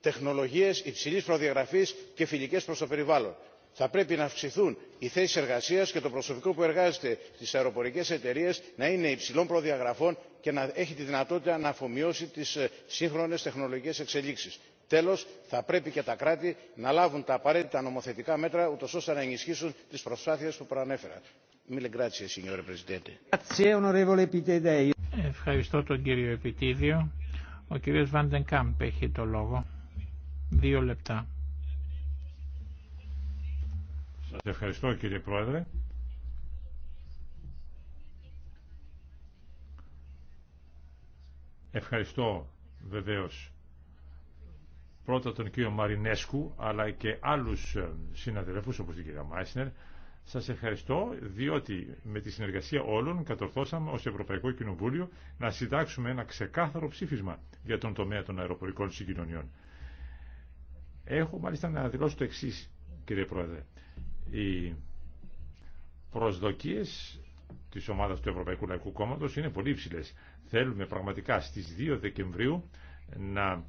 τεχνολογίες υψηλής προδιαγραφής και φιλικές προς το περιβάλλον. θα πρέπει να αυξηθούν οι θέσεις εργασίας και το προσωπικό που εργάζεται στις αεροπορικές εταιρείες να είναι υψηλών προδιαγραφών και να έχει τη δυνατότητα να αφομοιώσει τις ε, σύγχρονες τεχνολογικές εξελίξεις τέλος θα πρέπει και τα κράτη να λάβουν τα απαραίτητα νομοθετικά μέτρα ούτως ώστε να ενισχύσουν τις προσπάθειες που προανέφερα. Ευχαριστώ τον κύριο Επιτίδιο. Ο κύριος Βάντεν Κάμπ έχει το λόγο. Δύο λεπτά. Σας ευχαριστώ κύριε Πρόεδρε. Ευχαριστώ βεβαίως πρώτα τον κύριο Μαρινέσκου αλλά και άλλους ε, συναδελφούς όπως την κυρία Μάισνερ. Σας ευχαριστώ διότι με τη συνεργασία όλων κατορθώσαμε ως Ευρωπαϊκό Κοινοβούλιο να συντάξουμε ένα ξεκάθαρο ψήφισμα για τον τομέα των αεροπορικών συγκοινωνιών. Έχω μάλιστα να δηλώσω το εξή, κύριε Πρόεδρε. Οι προσδοκίες τη ομάδα του Ευρωπαϊκού Λαϊκού Κόμματο είναι πολύ υψηλές. Θέλουμε πραγματικά στις 2 Δεκεμβρίου να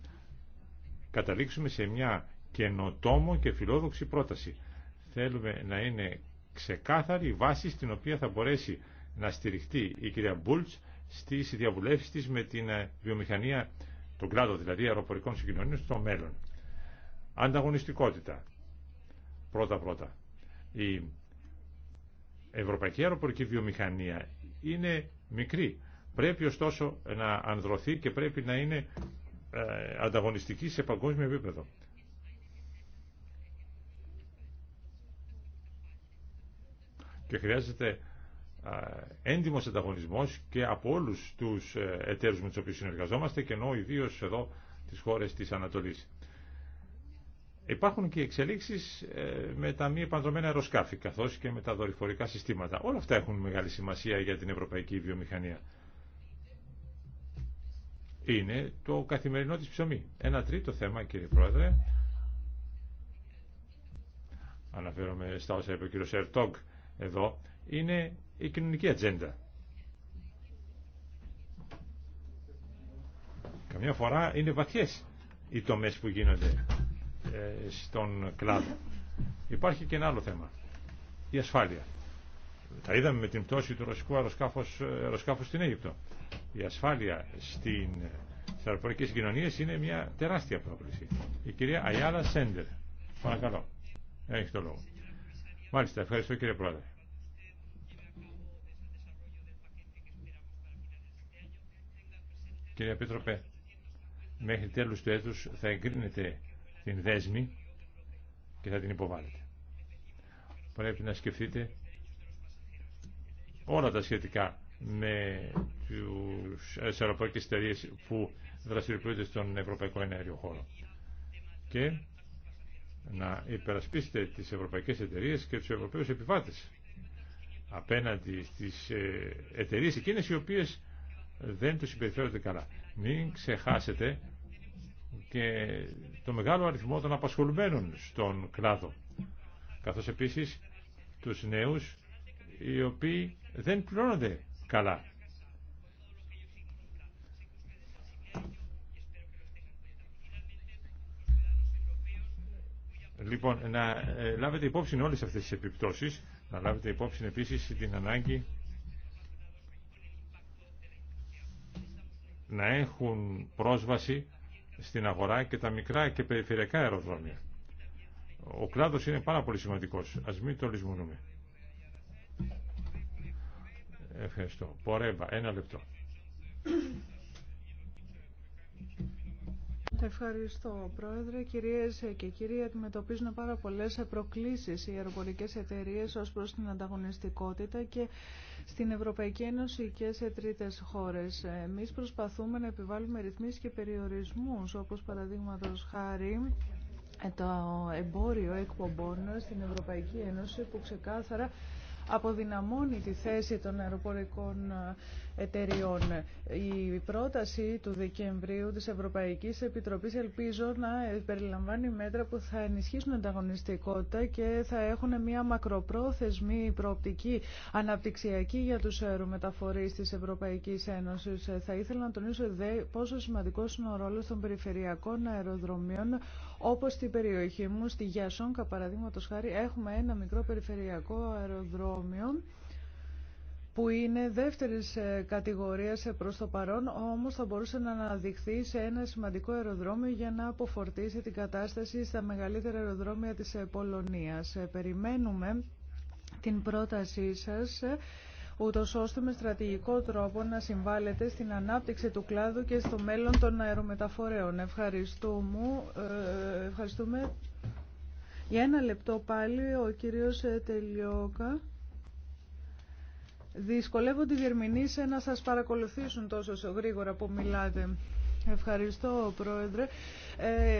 καταλήξουμε σε μια καινοτόμο και φιλόδοξη πρόταση. Θέλουμε να είναι ξεκάθαρη η βάση στην οποία θα μπορέσει να στηριχτεί η κυρία Μπούλτς στις διαβουλεύσεις της με την ε, βιομηχανία, τον κλάδο δηλαδή αεροπορικών συγκοινωνίων στο μέλλον. Ανταγωνιστικότητα. Πρώτα-πρώτα. Η ευρωπαϊκή αεροπορική βιομηχανία είναι μικρή. Πρέπει ωστόσο να ανδρωθεί και πρέπει να είναι ε, ανταγωνιστική σε παγκόσμιο επίπεδο. Και χρειάζεται έντιμος ανταγωνισμός και από όλους τους ε, εταίρους με τους οποίους συνεργαζόμαστε και ενώ ιδίω εδώ τις χώρες της Ανατολής. Υπάρχουν και εξελίξεις ε, με τα μη επανδρομένα αεροσκάφη καθώς και με τα δορυφορικά συστήματα. Όλα αυτά έχουν μεγάλη σημασία για την ευρωπαϊκή βιομηχανία είναι το καθημερινό της ψωμί. Ένα τρίτο θέμα, κύριε Πρόεδρε, αναφέρομαι στα όσα είπε ο κύριος Ερτόγκ εδώ, είναι η κοινωνική ατζέντα. Καμιά φορά είναι βαθιές οι τομές που γίνονται ε, στον κλάδο. Υπάρχει και ένα άλλο θέμα, η ασφάλεια. Τα είδαμε με την πτώση του ρωσικού αεροσκάφους, ε, αεροσκάφους στην Αίγυπτο. Η ασφάλεια στην, ε, στις αεροπορικές κοινωνίες είναι μια τεράστια πρόκληση. Η κυρία Αιάλα Σέντερ. Παρακαλώ. Έχει το λόγο. Μάλιστα, ευχαριστώ κύριε Πρόεδρε. Κύριε Επίτροπε, μέχρι τέλους του έτους θα εγκρίνετε την δέσμη και θα την υποβάλλετε. Πρέπει να σκεφτείτε όλα τα σχετικά με τις αεροπορικές εταιρείε που δραστηριοποιούνται στον Ευρωπαϊκό Ενέργειο Χώρο. Και να υπερασπίσετε τις ευρωπαϊκές εταιρείε και τους ευρωπαίους επιβάτες απέναντι στις ε, εταιρείε εκείνες οι οποίες δεν τους συμπεριφέρονται καλά. Μην ξεχάσετε και το μεγάλο αριθμό των απασχολουμένων στον κλάδο, καθώς επίσης τους νέους οι οποίοι δεν πληρώνονται καλά. Λοιπόν, να ε, λάβετε υπόψη όλες αυτές τις επιπτώσεις, να λάβετε υπόψη επίσης την ανάγκη να έχουν πρόσβαση στην αγορά και τα μικρά και περιφερειακά αεροδρόμια. Ο κλάδος είναι πάρα πολύ σημαντικός. Ας μην το λησμονούμε. Ευχαριστώ. Πορέμπα, ένα λεπτό. Ευχαριστώ, Πρόεδρε. Κυρίε και κύριοι, αντιμετωπίζουν πάρα πολλέ προκλήσει οι αεροπορικέ εταιρείε ω προ την ανταγωνιστικότητα και στην Ευρωπαϊκή Ένωση και σε τρίτε χώρε. Εμεί προσπαθούμε να επιβάλλουμε ρυθμίσει και περιορισμού, όπω παραδείγματο χάρη το εμπόριο εκπομπών στην Ευρωπαϊκή Ένωση που ξεκάθαρα αποδυναμώνει τη θέση των αεροπορικών ε, εταιριών. Η πρόταση του Δεκεμβρίου της Ευρωπαϊκής Επιτροπής ελπίζω να ε, περιλαμβάνει μέτρα που θα ενισχύσουν ανταγωνιστικότητα και θα έχουν μια μακροπρόθεσμη προοπτική αναπτυξιακή για τους αερομεταφορείς της Ευρωπαϊκής Ένωσης. Ε, θα ήθελα να τονίσω πόσο σημαντικός είναι ο ρόλος των περιφερειακών αεροδρομίων όπως στην περιοχή μου, στη Γιασόνκα παραδείγματος χάρη, έχουμε ένα μικρό περιφερειακό αεροδρόμιο που είναι δεύτερης ε, κατηγορίας ε, προς το παρόν, όμως θα μπορούσε να αναδειχθεί σε ένα σημαντικό αεροδρόμιο για να αποφορτήσει την κατάσταση στα μεγαλύτερα αεροδρόμια της ε, Πολωνίας. Περιμένουμε την πρότασή σας ούτως ώστε με στρατηγικό τρόπο να συμβάλετε στην ανάπτυξη του κλάδου και στο μέλλον των αερομεταφορέων. Ευχαριστούμε. Ε, ευχαριστούμε. Για ένα λεπτό πάλι ο κύριος ε, Τελειώκα. Δυσκολεύονται οι διερμηνείς ε, να σας παρακολουθήσουν τόσο γρήγορα που μιλάτε. Ευχαριστώ, Πρόεδρε. Ε,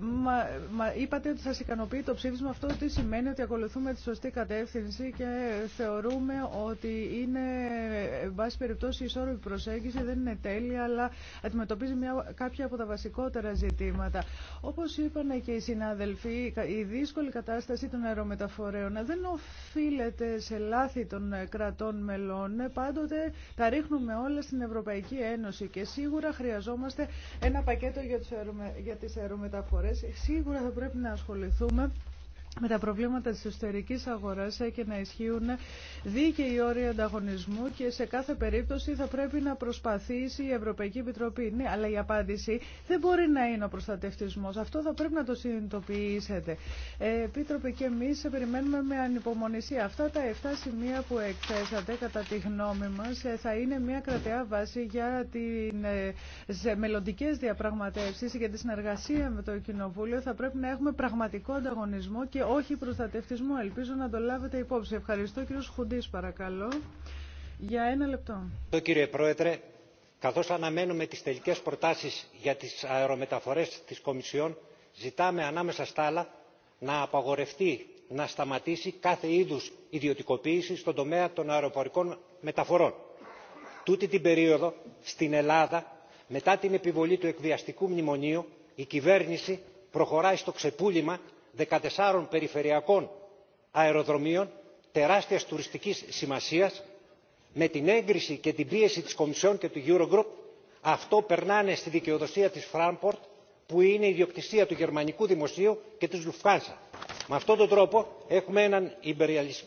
Μα, μα, είπατε ότι σας ικανοποιεί το ψήφισμα αυτό τι σημαίνει ότι ακολουθούμε τη σωστή κατεύθυνση και θεωρούμε ότι είναι εν πάση περιπτώσει ισόρροπη προσέγγιση, δεν είναι τέλεια αλλά αντιμετωπίζει μια, κάποια από τα βασικότερα ζητήματα. Όπως είπαν και οι συνάδελφοι, η δύσκολη κατάσταση των αερομεταφορέων δεν οφείλεται σε λάθη των κρατών μελών. Πάντοτε τα ρίχνουμε όλα στην Ευρωπαϊκή Ένωση και σίγουρα χρειαζόμαστε ένα πακέτο για, τους αερομεταφορές Σίγουρα θα πρέπει να ασχοληθούμε με τα προβλήματα της εσωτερικής αγοράς ε, και να ισχύουν δίκαιοι όροι ανταγωνισμού και σε κάθε περίπτωση θα πρέπει να προσπαθήσει η Ευρωπαϊκή Επιτροπή. Ναι, αλλά η απάντηση δεν μπορεί να είναι ο προστατευτισμός. Αυτό θα πρέπει να το συνειδητοποιήσετε. Ε, Επίτροπε και εμείς περιμένουμε με ανυπομονησία. Αυτά τα 7 σημεία που εκθέσατε κατά τη γνώμη μας ε, θα είναι μια κρατεά βάση για τις ε, μελλοντικέ διαπραγματεύσεις για τη συνεργασία με το Κοινοβούλιο. Θα πρέπει να έχουμε πραγματικό ανταγωνισμό όχι προστατευτισμό. Ελπίζω να το λάβετε υπόψη. Ευχαριστώ κύριο Χουντή, παρακαλώ. Για ένα λεπτό. Κύριε Πρόεδρε, Καθώ αναμένουμε τι τελικέ προτάσει για τι αερομεταφορέ τη Κομισιόν, ζητάμε ανάμεσα στα άλλα να απαγορευτεί, να σταματήσει κάθε είδου ιδιωτικοποίηση στον τομέα των αεροπορικών μεταφορών. Τούτη την περίοδο, στην Ελλάδα, μετά την επιβολή του εκβιαστικού μνημονίου, η κυβέρνηση προχωράει στο ξεπούλημα 14 περιφερειακών αεροδρομίων τεράστιας τουριστικής σημασίας με την έγκριση και την πίεση της Κομισιόν και του Eurogroup αυτό περνάνε στη δικαιοδοσία της Frankfurt που είναι ιδιοκτησία του γερμανικού δημοσίου και της Lufthansa. Με αυτόν τον τρόπο έχουμε έναν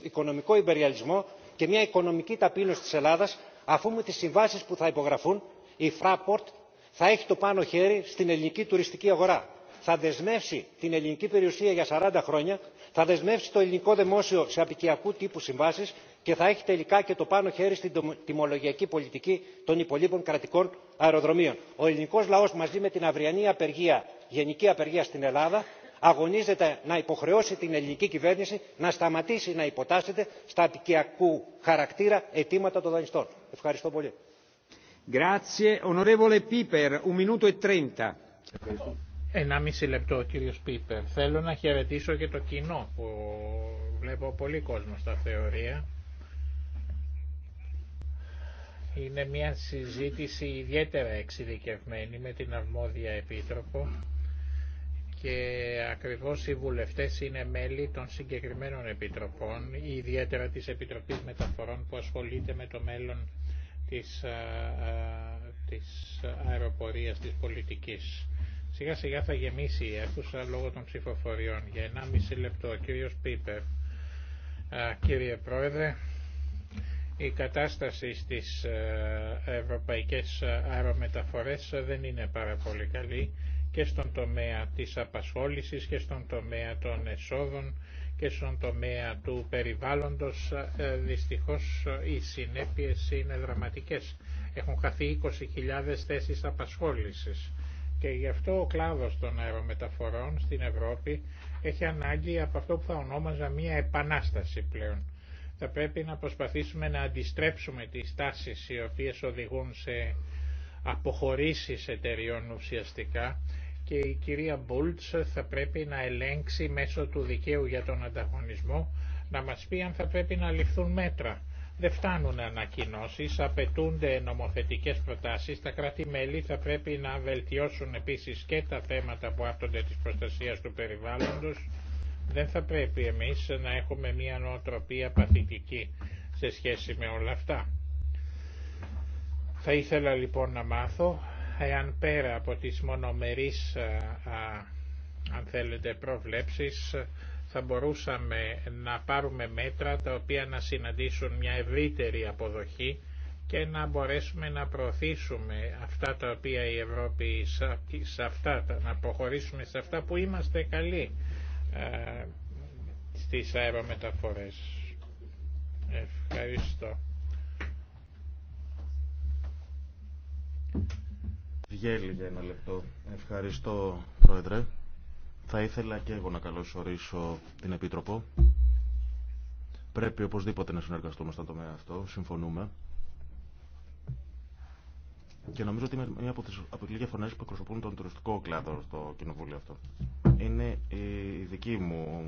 οικονομικό υπεριαλισμό και μια οικονομική ταπείνωση της Ελλάδας αφού με τις συμβάσεις που θα υπογραφούν η Fraport θα έχει το πάνω χέρι στην ελληνική τουριστική αγορά θα δεσμεύσει την ελληνική περιουσία για 40 χρόνια, θα δεσμεύσει το ελληνικό δημόσιο σε απικιακού τύπου συμβάσει και θα έχει τελικά και το πάνω χέρι στην τιμολογιακή πολιτική των υπολείπων κρατικών αεροδρομίων. Ο ελληνικό λαό μαζί με την αυριανή απεργία, γενική απεργία στην Ελλάδα αγωνίζεται να υποχρεώσει την ελληνική κυβέρνηση να σταματήσει να υποτάσσεται στα απικιακού χαρακτήρα αιτήματα των δανειστών. Ευχαριστώ πολύ. Grazie. Onorevole Piper, un minuto e 1,5 λεπτό ο κύριος Πίπερ. Θέλω να χαιρετήσω και το κοινό που βλέπω πολύ κόσμο στα θεωρία. Είναι μια συζήτηση ιδιαίτερα εξειδικευμένη με την αρμόδια επίτροπο και ακριβώς οι βουλευτές είναι μέλη των συγκεκριμένων επιτροπών, ιδιαίτερα της Επιτροπής Μεταφορών που ασχολείται με το μέλλον της, α, α, της αεροπορίας της πολιτικής. Σιγά σιγά θα γεμίσει η αίθουσα λόγω των ψηφοφοριών. Για 1,5 λεπτό, κύριος Πίπερ. Κύριε Πρόεδρε, η κατάσταση στις ε, ευρωπαϊκές ε, αερομεταφορές δεν είναι πάρα πολύ καλή και στον τομέα της απασχόλησης και στον τομέα των εσόδων και στον τομέα του περιβάλλοντος ε, δυστυχώς οι συνέπειες είναι δραματικές. Έχουν χαθεί 20.000 θέσεις απασχόλησης. Και γι' αυτό ο κλάδος των αερομεταφορών στην Ευρώπη έχει ανάγκη από αυτό που θα ονόμαζα μία επανάσταση πλέον. Θα πρέπει να προσπαθήσουμε να αντιστρέψουμε τις τάσεις οι οποίες οδηγούν σε αποχωρήσεις εταιριών ουσιαστικά και η κυρία Μπούλτς θα πρέπει να ελέγξει μέσω του δικαίου για τον ανταγωνισμό να μας πει αν θα πρέπει να ληφθούν μέτρα δεν φτάνουν ανακοινώσεις, απαιτούνται νομοθετικές προτάσεις. Τα κράτη-μέλη θα πρέπει να βελτιώσουν επίσης και τα θέματα που άπτονται της προστασίας του περιβάλλοντος. Δεν θα πρέπει εμείς να έχουμε μια νοοτροπία παθητική σε σχέση με όλα αυτά. Θα ήθελα λοιπόν να μάθω εάν πέρα από τις μονομερείς αν θέλετε προβλέψεις θα μπορούσαμε να πάρουμε μέτρα τα οποία να συναντήσουν μια ευρύτερη αποδοχή και να μπορέσουμε να προωθήσουμε αυτά τα οποία η Ευρώπη σε αυτά, να προχωρήσουμε σε αυτά που είμαστε καλοί ε, στις αερομεταφορές. Ευχαριστώ. Βγέλη για ένα λεπτό. Ευχαριστώ, Πρόεδρε. Θα ήθελα και εγώ να καλωσορίσω την Επίτροπο. Πρέπει οπωσδήποτε να συνεργαστούμε στον τομέα αυτό, συμφωνούμε. Και νομίζω ότι είμαι μία από τι λίγες λίγε που εκπροσωπούν τον τουριστικό κλάδο στο κοινοβούλιο αυτό. Είναι η δική μου,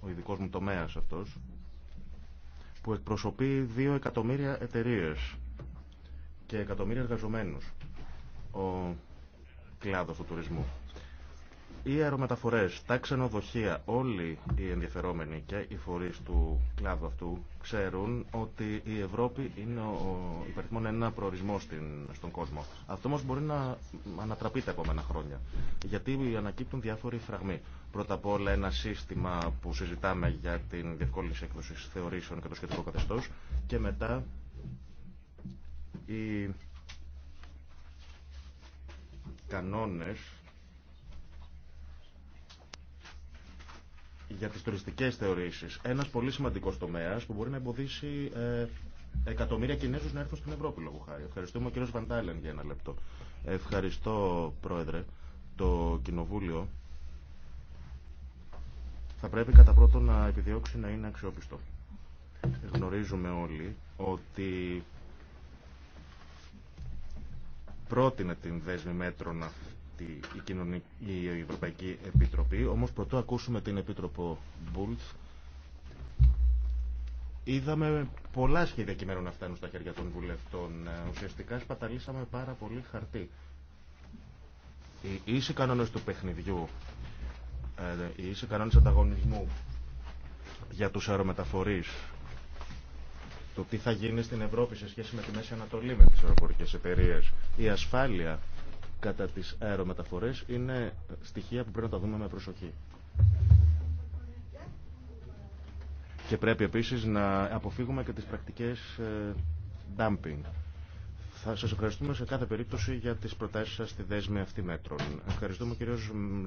ο ειδικό μου τομέα αυτό, που εκπροσωπεί δύο εκατομμύρια εταιρείε και εκατομμύρια εργαζομένου. Ο κλάδο του τουρισμού οι αερομεταφορέ, τα ξενοδοχεία, όλοι οι ενδιαφερόμενοι και οι φορείς του κλάδου αυτού ξέρουν ότι η Ευρώπη είναι ο ένα προορισμό στον κόσμο. Αυτό όμω μπορεί να ανατραπεί τα επόμενα χρόνια, γιατί ανακύπτουν διάφοροι φραγμοί. Πρώτα απ' όλα ένα σύστημα που συζητάμε για την διευκόλυνση έκδοση θεωρήσεων και το σχετικό καθεστώ και μετά οι κανόνες για τις τουριστικές θεωρήσεις. Ένας πολύ σημαντικός τομέας που μπορεί να εμποδίσει ε, εκατομμύρια Κινέζους να έρθουν στην Ευρώπη λόγω χάρη. Ευχαριστούμε ο κύριος Βαντάλεν για ένα λεπτό. Ευχαριστώ Πρόεδρε. Το Κοινοβούλιο θα πρέπει κατά πρώτο να επιδιώξει να είναι αξιόπιστο. Γνωρίζουμε όλοι ότι πρότεινε την δέσμη μέτρων η, κοινωνική, η Ευρωπαϊκή Επιτροπή, όμως πρωτού ακούσουμε την Επίτροπο Μπούλτ. είδαμε πολλά σχέδια κειμένων να φτάνουν στα χέρια των βουλευτών. Ε, ουσιαστικά σπαταλήσαμε πάρα πολύ χαρτί. Οι ίσοι κανόνες του παιχνιδιού, ε, οι ίσοι κανόνες ανταγωνισμού για τους αερομεταφορείς, το τι θα γίνει στην Ευρώπη σε σχέση με τη Μέση Ανατολή με τις αεροπορικέ εταιρείε, η ασφάλεια κατά τις αερομεταφορές είναι στοιχεία που πρέπει να τα δούμε με προσοχή. Και πρέπει επίσης να αποφύγουμε και τις πρακτικές ε, dumping. Θα σας ευχαριστούμε σε κάθε περίπτωση για τις προτάσεις σας στη δέσμη αυτή μέτρων. Ευχαριστούμε κύριο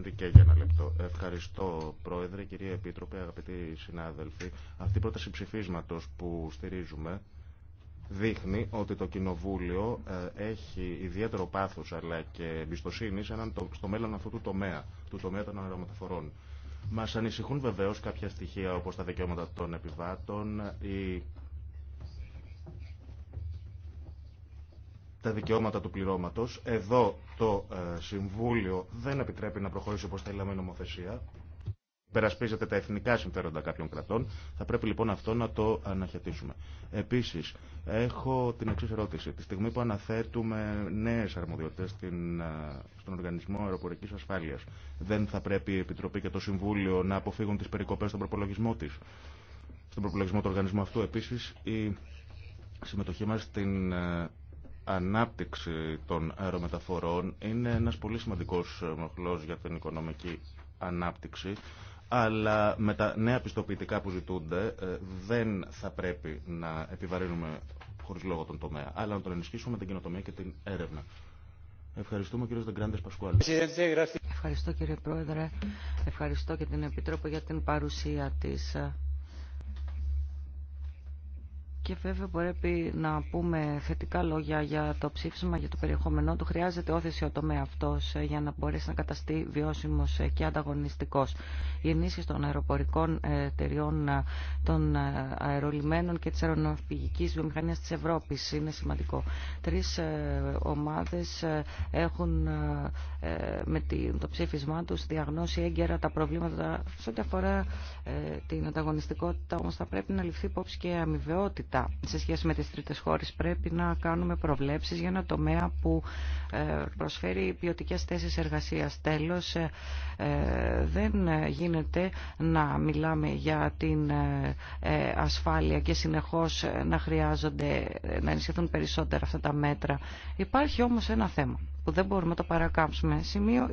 Ρικέ για ένα λεπτό. Ευχαριστώ πρόεδρε, κυρία Επίτροπε, αγαπητοί συνάδελφοι. Αυτή η πρόταση ψηφίσματος που στηρίζουμε δείχνει ότι το Κοινοβούλιο ε, έχει ιδιαίτερο πάθος αλλά και εμπιστοσύνη στο μέλλον αυτού του τομέα, του τομέα των αερομεταφορών. Μας ανησυχούν βεβαίως κάποια στοιχεία όπως τα δικαιώματα των επιβάτων, η τα δικαιώματα του πληρώματος. Εδώ το ε, Συμβούλιο δεν επιτρέπει να προχωρήσει όπως θέλαμε η νομοθεσία περασπίζεται τα εθνικά συμφέροντα κάποιων κρατών. Θα πρέπει λοιπόν αυτό να το αναχαιτήσουμε. Επίση, έχω την εξή ερώτηση. Τη στιγμή που αναθέτουμε νέε αρμοδιότητε στον Οργανισμό Αεροπορική Ασφάλεια, δεν θα πρέπει η Επιτροπή και το Συμβούλιο να αποφύγουν τι περικοπέ στον προπολογισμό τη. Στον προπολογισμό του οργανισμού αυτού, επίση, η συμμετοχή μα στην ανάπτυξη των αερομεταφορών είναι ένας πολύ σημαντικό μοχλός για την οικονομική ανάπτυξη αλλά με τα νέα πιστοποιητικά που ζητούνται ε, δεν θα πρέπει να επιβαρύνουμε χωρίς λόγο τον τομέα, αλλά να τον ενισχύσουμε την κοινοτομία και την έρευνα. Ευχαριστούμε κύριο Δεγκράντε Πασκουάλη. Ευχαριστώ κύριε Πρόεδρε. Ευχαριστώ και την Επίτροπο για την παρουσία της. Και βέβαια πρέπει να πούμε θετικά λόγια για το ψήφισμα, για το περιεχόμενό του. Χρειάζεται όθεση ο τομέα αυτό ε, για να μπορέσει να καταστεί βιώσιμο ε, και ανταγωνιστικό. Η ενίσχυση των αεροπορικών ε, εταιριών, των αερολιμένων και τη αεροναυπηγική βιομηχανία τη Ευρώπη είναι σημαντικό. Τρει ομάδε έχουν με το ψήφισμά του διαγνώσει έγκαιρα τα προβλήματα σε ό,τι αφορά την ανταγωνιστικότητα, όμω θα πρέπει να ληφθεί υπόψη και αμοιβαιότητα σε σχέση με τις τρίτες χώρες πρέπει να κάνουμε προβλέψεις για ένα τομέα που ε, προσφέρει ποιοτικέ θέσεις εργασίας. Τέλος, ε, ε, δεν γίνεται να μιλάμε για την ασφάλεια και συνεχώς να χρειάζονται να ενισχυθούν περισσότερα αυτά τα μέτρα. Υπάρχει όμως ένα θέμα που δεν μπορούμε να το παρακάμψουμε. Σημείο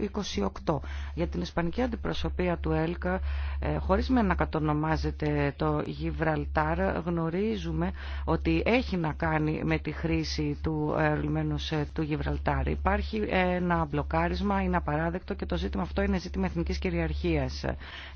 28. Για την ισπανική αντιπροσωπεία του ΕΛΚΑ, ε, χωρίς με να κατονομάζεται το Γιβραλτάρ, γνωρίζουμε ότι έχει να κάνει με τη χρήση του ε, ε, του Γιβραλτάρ. Υπάρχει ένα μπλοκάρισμα, είναι απαράδεκτο και το ζήτημα αυτό είναι ζήτημα εθνικής κυριαρχίας,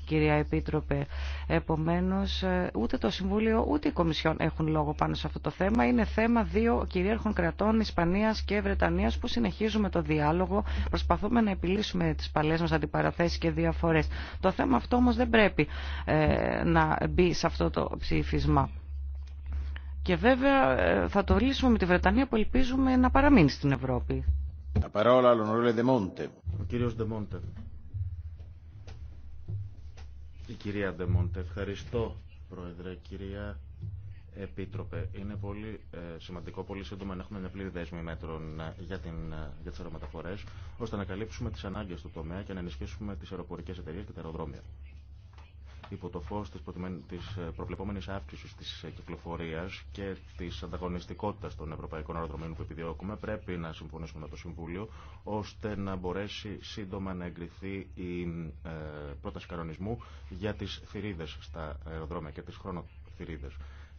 κυρία Επίτροπε. Επομένως, ε, ούτε το Συμβούλιο ούτε η Κομισιόν έχουν λόγο πάνω σε αυτό το θέμα. Είναι θέμα δύο κυρίαρχων κρατών Ισπανίας και Βρετανίας που συνεχίζουν με το διάλογο, προσπαθούμε να επιλύσουμε τις παλές μας αντιπαραθέσεις και διαφορές. Το θέμα αυτό όμως δεν πρέπει ε, να μπει σε αυτό το ψήφισμα. Και βέβαια ε, θα το λύσουμε με τη Βρετανία που ελπίζουμε να παραμείνει στην Ευρώπη. La parola all'onorevole Ο κύριος De Η κυρία De Ευχαριστώ, Πρόεδρε, κυρία Επίτροπε, είναι πολύ ε, σημαντικό, πολύ σύντομα να έχουμε μια πλήρη δέσμη μέτρων ε, για, την, ε, για τις αερομεταφορές, ώστε να καλύψουμε τις ανάγκες του τομέα και να ενισχύσουμε τις αεροπορικές εταιρείες και τα αεροδρόμια. Υπό το φως της, της προβλεπόμενης αύξησης της κυκλοφορίας και της ανταγωνιστικότητας των ευρωπαϊκών αεροδρομίων που επιδιώκουμε, πρέπει να συμφωνήσουμε με το Συμβούλιο, ώστε να μπορέσει σύντομα να εγκριθεί η πρόταση κανονισμού για τις θηρίδες στα αεροδρόμια και τις χρονοθυρίδε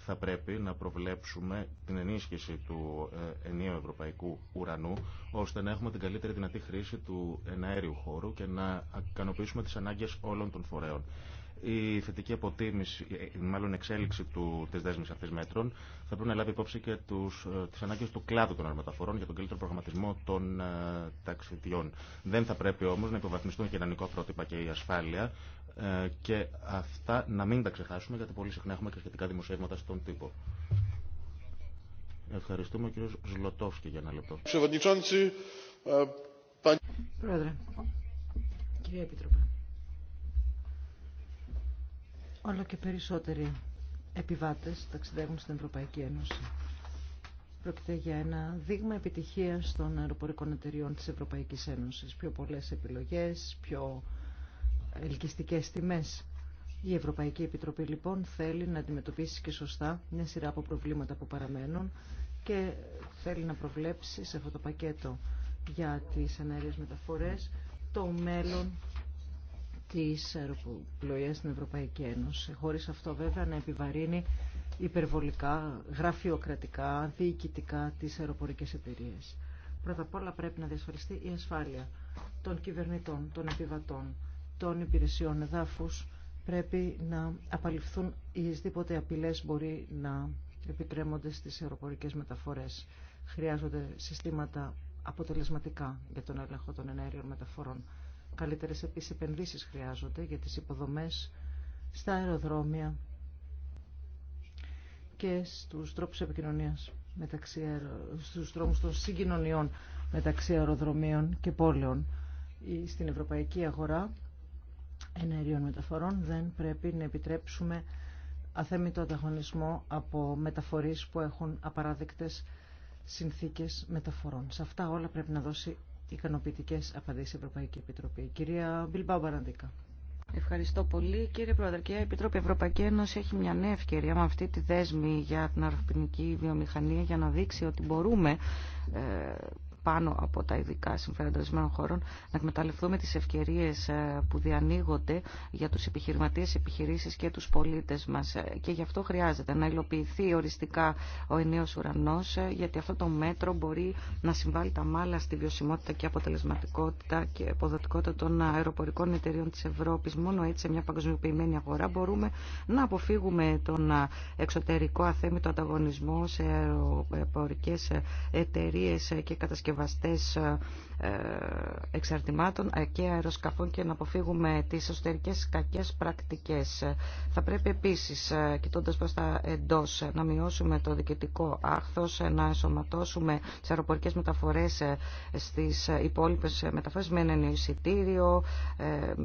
θα πρέπει να προβλέψουμε την ενίσχυση του ε, ενίου ευρωπαϊκού ουρανού, ώστε να έχουμε την καλύτερη δυνατή χρήση του εναέριου χώρου και να ικανοποιήσουμε τις ανάγκες όλων των φορέων. Η θετική αποτίμηση, ε, ε, μάλλον εξέλιξη του, της δέσμης αυτής μέτρων θα πρέπει να λάβει υπόψη και τους, τις ανάγκες του κλάδου των αερομεταφορών για τον καλύτερο προγραμματισμό των ε, ταξιδιών. Δεν θα πρέπει όμως να υποβαθμιστούν κοινωνικό πρότυπα και η ασφάλεια ε, και αυτά να μην τα ξεχάσουμε γιατί πολύ συχνά έχουμε και σχετικά δημοσιεύματα στον τύπο. Ευχαριστούμε ο Ζλωτόφσκι για ένα λεπτό. Ε, Πρόεδρε, κυρία Επίτροπε, όλο και περισσότεροι επιβάτες ταξιδεύουν στην Ευρωπαϊκή Ένωση. Πρόκειται για ένα δείγμα επιτυχίας των αεροπορικών εταιριών της Ευρωπαϊκής Ένωσης. Πιο πολλές επιλογές, πιο ελκυστικές τιμές. Η Ευρωπαϊκή Επιτροπή λοιπόν θέλει να αντιμετωπίσει και σωστά μια σειρά από προβλήματα που παραμένουν και θέλει να προβλέψει σε αυτό το πακέτο για τις ενέργειες μεταφορές το μέλλον της αεροπλοεία στην Ευρωπαϊκή Ένωση. Χωρίς αυτό βέβαια να επιβαρύνει υπερβολικά, γραφειοκρατικά, διοικητικά τις αεροπορικές εταιρείες. Πρώτα απ' όλα πρέπει να διασφαλιστεί η ασφάλεια των κυβερνητών, των επιβατών των υπηρεσιών εδάφους πρέπει να απαλληφθούν τίποτε απειλές μπορεί να επιτρέμονται στις αεροπορικές μεταφορές. Χρειάζονται συστήματα αποτελεσματικά για τον έλεγχο των ενέργειων μεταφορών. Καλύτερες επίσης επενδύσεις χρειάζονται για τις υποδομές στα αεροδρόμια και στους τρόπους επικοινωνίας, μεταξύ, στους των συγκοινωνιών μεταξύ αεροδρομίων και πόλεων. Στην ευρωπαϊκή αγορά εναερίων μεταφορών δεν πρέπει να επιτρέψουμε αθέμητο ανταγωνισμό από μεταφορείς που έχουν απαράδεκτες συνθήκες μεταφορών. Σε αυτά όλα πρέπει να δώσει ικανοποιητικές απαντήσεις η Ευρωπαϊκή Επιτροπή. κυρία Μπιλμπάου Μπαραντίκα. Ευχαριστώ πολύ. Κύριε Πρόεδρε, και η Επιτροπή Ευρωπαϊκή Ένωση έχει μια νέα ευκαιρία με αυτή τη δέσμη για την αεροπορική βιομηχανία για να δείξει ότι μπορούμε ε, πάνω από τα ειδικά συμφέροντα ορισμένων χωρών, να εκμεταλλευτούμε τι ευκαιρίε ε, που διανοίγονται για του επιχειρηματίε επιχειρήσει και του πολίτε μα. Ε, και γι' αυτό χρειάζεται να υλοποιηθεί οριστικά ο ενίο ουρανός, ε, γιατί αυτό το μέτρο μπορεί να συμβάλλει τα μάλα στη βιωσιμότητα και αποτελεσματικότητα και αποδοτικότητα των αεροπορικών εταιριών τη Ευρώπη, Μόνο έτσι σε μια παγκοσμιοποιημένη αγορά μπορούμε να αποφύγουμε τον εξωτερικό αθέμητο ανταγωνισμό σε αεροπορικέ εταιρείε και κατασκευέ ε, ε, εξαρτημάτων ε, και αεροσκαφών και να αποφύγουμε τις εσωτερικές κακές πρακτικές. Θα πρέπει επίσης, κοιτώντας προς τα εντός, να μειώσουμε το διοικητικό άχθος, να ενσωματώσουμε τις αεροπορικές μεταφορές στις υπόλοιπες μεταφορές με ένα εισιτήριο,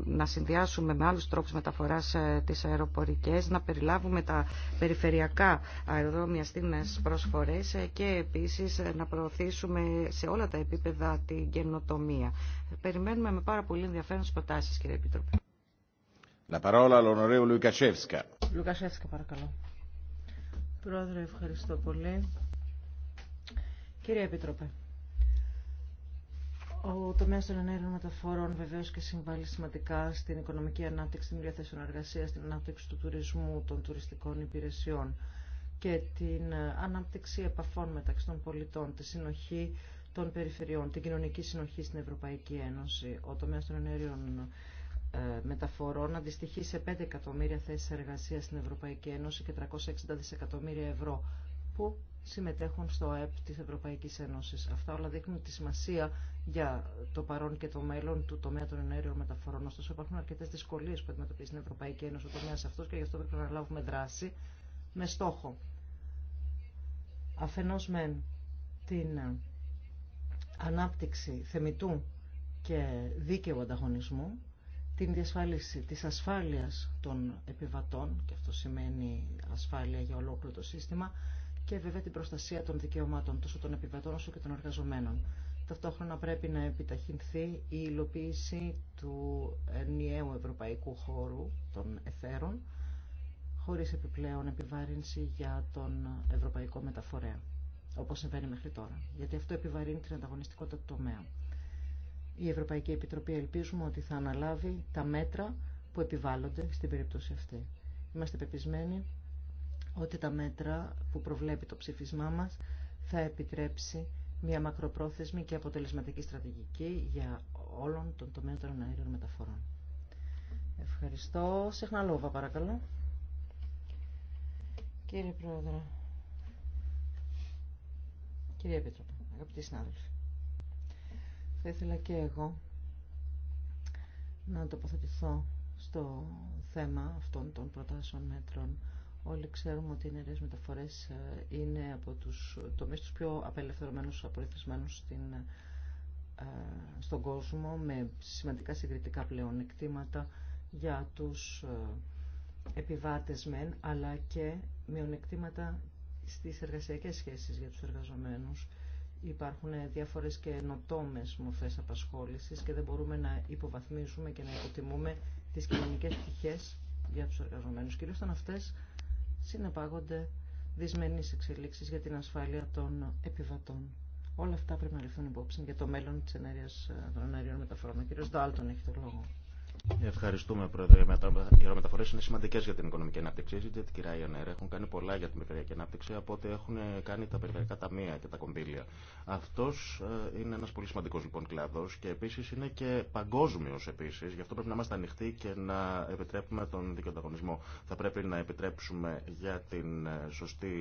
να συνδυάσουμε με άλλους τρόπους μεταφοράς τις αεροπορικές, να περιλάβουμε τα περιφερειακά αεροδρόμια στις προσφορές και επίσης να προωθήσουμε σε όλα τα επίπεδα την καινοτομία. Περιμένουμε με πάρα πολύ ενδιαφέρον τι προτάσει, κύριε Επίτροπε. La parola all'onorevole Λουκασέφσκα. Λουκασέφσκα, παρακαλώ. Πρόεδρε, ευχαριστώ πολύ. Κύριε Επίτροπε, ο τομέα των ενέργειων μεταφορών βεβαίω και συμβάλλει σημαντικά στην οικονομική ανάπτυξη, την διαθέσιμη εργασία, την ανάπτυξη του τουρισμού, των τουριστικών υπηρεσιών και την ανάπτυξη επαφών μεταξύ των πολιτών, τη συνοχή των περιφερειών, την κοινωνική συνοχή στην Ευρωπαϊκή Ένωση. Ο τομέας των ενέργειων ε, μεταφορών αντιστοιχεί σε 5 εκατομμύρια θέσεις εργασίας στην Ευρωπαϊκή Ένωση και 360 δισεκατομμύρια ευρώ που συμμετέχουν στο ΑΕΠ της Ευρωπαϊκής Ένωσης. Αυτά όλα δείχνουν τη σημασία για το παρόν και το μέλλον του τομέα των ενέργειων μεταφορών. Ωστόσο υπάρχουν αρκετέ δυσκολίε που αντιμετωπίζει στην Ευρωπαϊκή Ένωση ο τομέα αυτό και γι' αυτό πρέπει να λάβουμε δράση με στόχο. Αφενός μεν την ανάπτυξη θεμητού και δίκαιου ανταγωνισμού, την διασφάλιση της ασφάλειας των επιβατών, και αυτό σημαίνει ασφάλεια για ολόκληρο το σύστημα, και βέβαια την προστασία των δικαιωμάτων τόσο των επιβατών όσο και των εργαζομένων. Ταυτόχρονα πρέπει να επιταχυνθεί η υλοποίηση του ενιαίου ευρωπαϊκού χώρου των εθέρων, χωρίς επιπλέον επιβάρυνση για τον ευρωπαϊκό μεταφορέα όπως συμβαίνει μέχρι τώρα. Γιατί αυτό επιβαρύνει την ανταγωνιστικότητα του τομέα. Η Ευρωπαϊκή Επιτροπή ελπίζουμε ότι θα αναλάβει τα μέτρα που επιβάλλονται στην περίπτωση αυτή. Είμαστε πεπισμένοι ότι τα μέτρα που προβλέπει το ψηφισμά μας θα επιτρέψει μια μακροπρόθεσμη και αποτελεσματική στρατηγική για όλων των τομέων των αέριων μεταφορών. Ευχαριστώ. Σεχναλόβα, παρακαλώ. Κύριε Πρόεδρε, Κυρία Επίτροπε, αγαπητοί συνάδελφοι, θα ήθελα και εγώ να τοποθετηθώ στο θέμα αυτών των προτάσεων μέτρων. Όλοι ξέρουμε ότι οι νερέ μεταφορέ ε, είναι από τους τομείς τους πιο απελευθερωμένους, απορριθμισμένου στην, ε, στον κόσμο με σημαντικά συγκριτικά πλεονεκτήματα για τους ε, επιβάτες μεν, αλλά και μειονεκτήματα στις εργασιακές σχέσεις για τους εργαζομένους. Υπάρχουν διάφορες και νοτόμες μορφές απασχόλησης και δεν μπορούμε να υποβαθμίζουμε και να υποτιμούμε τις κοινωνικές πτυχές για τους εργαζομένους. Κυρίως όταν αυτές συνεπάγονται δυσμενείς εξελίξεις για την ασφάλεια των επιβατών. Όλα αυτά πρέπει να ληφθούν υπόψη για το μέλλον της ενέργειας των ενεργειών μεταφορών. Ο κύριος Ντάλτον έχει το λόγο. Ευχαριστούμε, Πρόεδρε. Οι αερομεταφορέ είναι σημαντικέ για την οικονομική ανάπτυξη. Οι Jet και η Ryanair έχουν κάνει πολλά για την περιφερειακή ανάπτυξη από ό,τι έχουν κάνει τα περιφερειακά ταμεία και τα κονδύλια. Αυτό ε, είναι ένα πολύ σημαντικό λοιπόν κλάδο και επίση είναι και παγκόσμιο επίση. Γι' αυτό πρέπει να είμαστε ανοιχτοί και να επιτρέπουμε τον δίκαιο Θα πρέπει να επιτρέψουμε για την ε, σωστή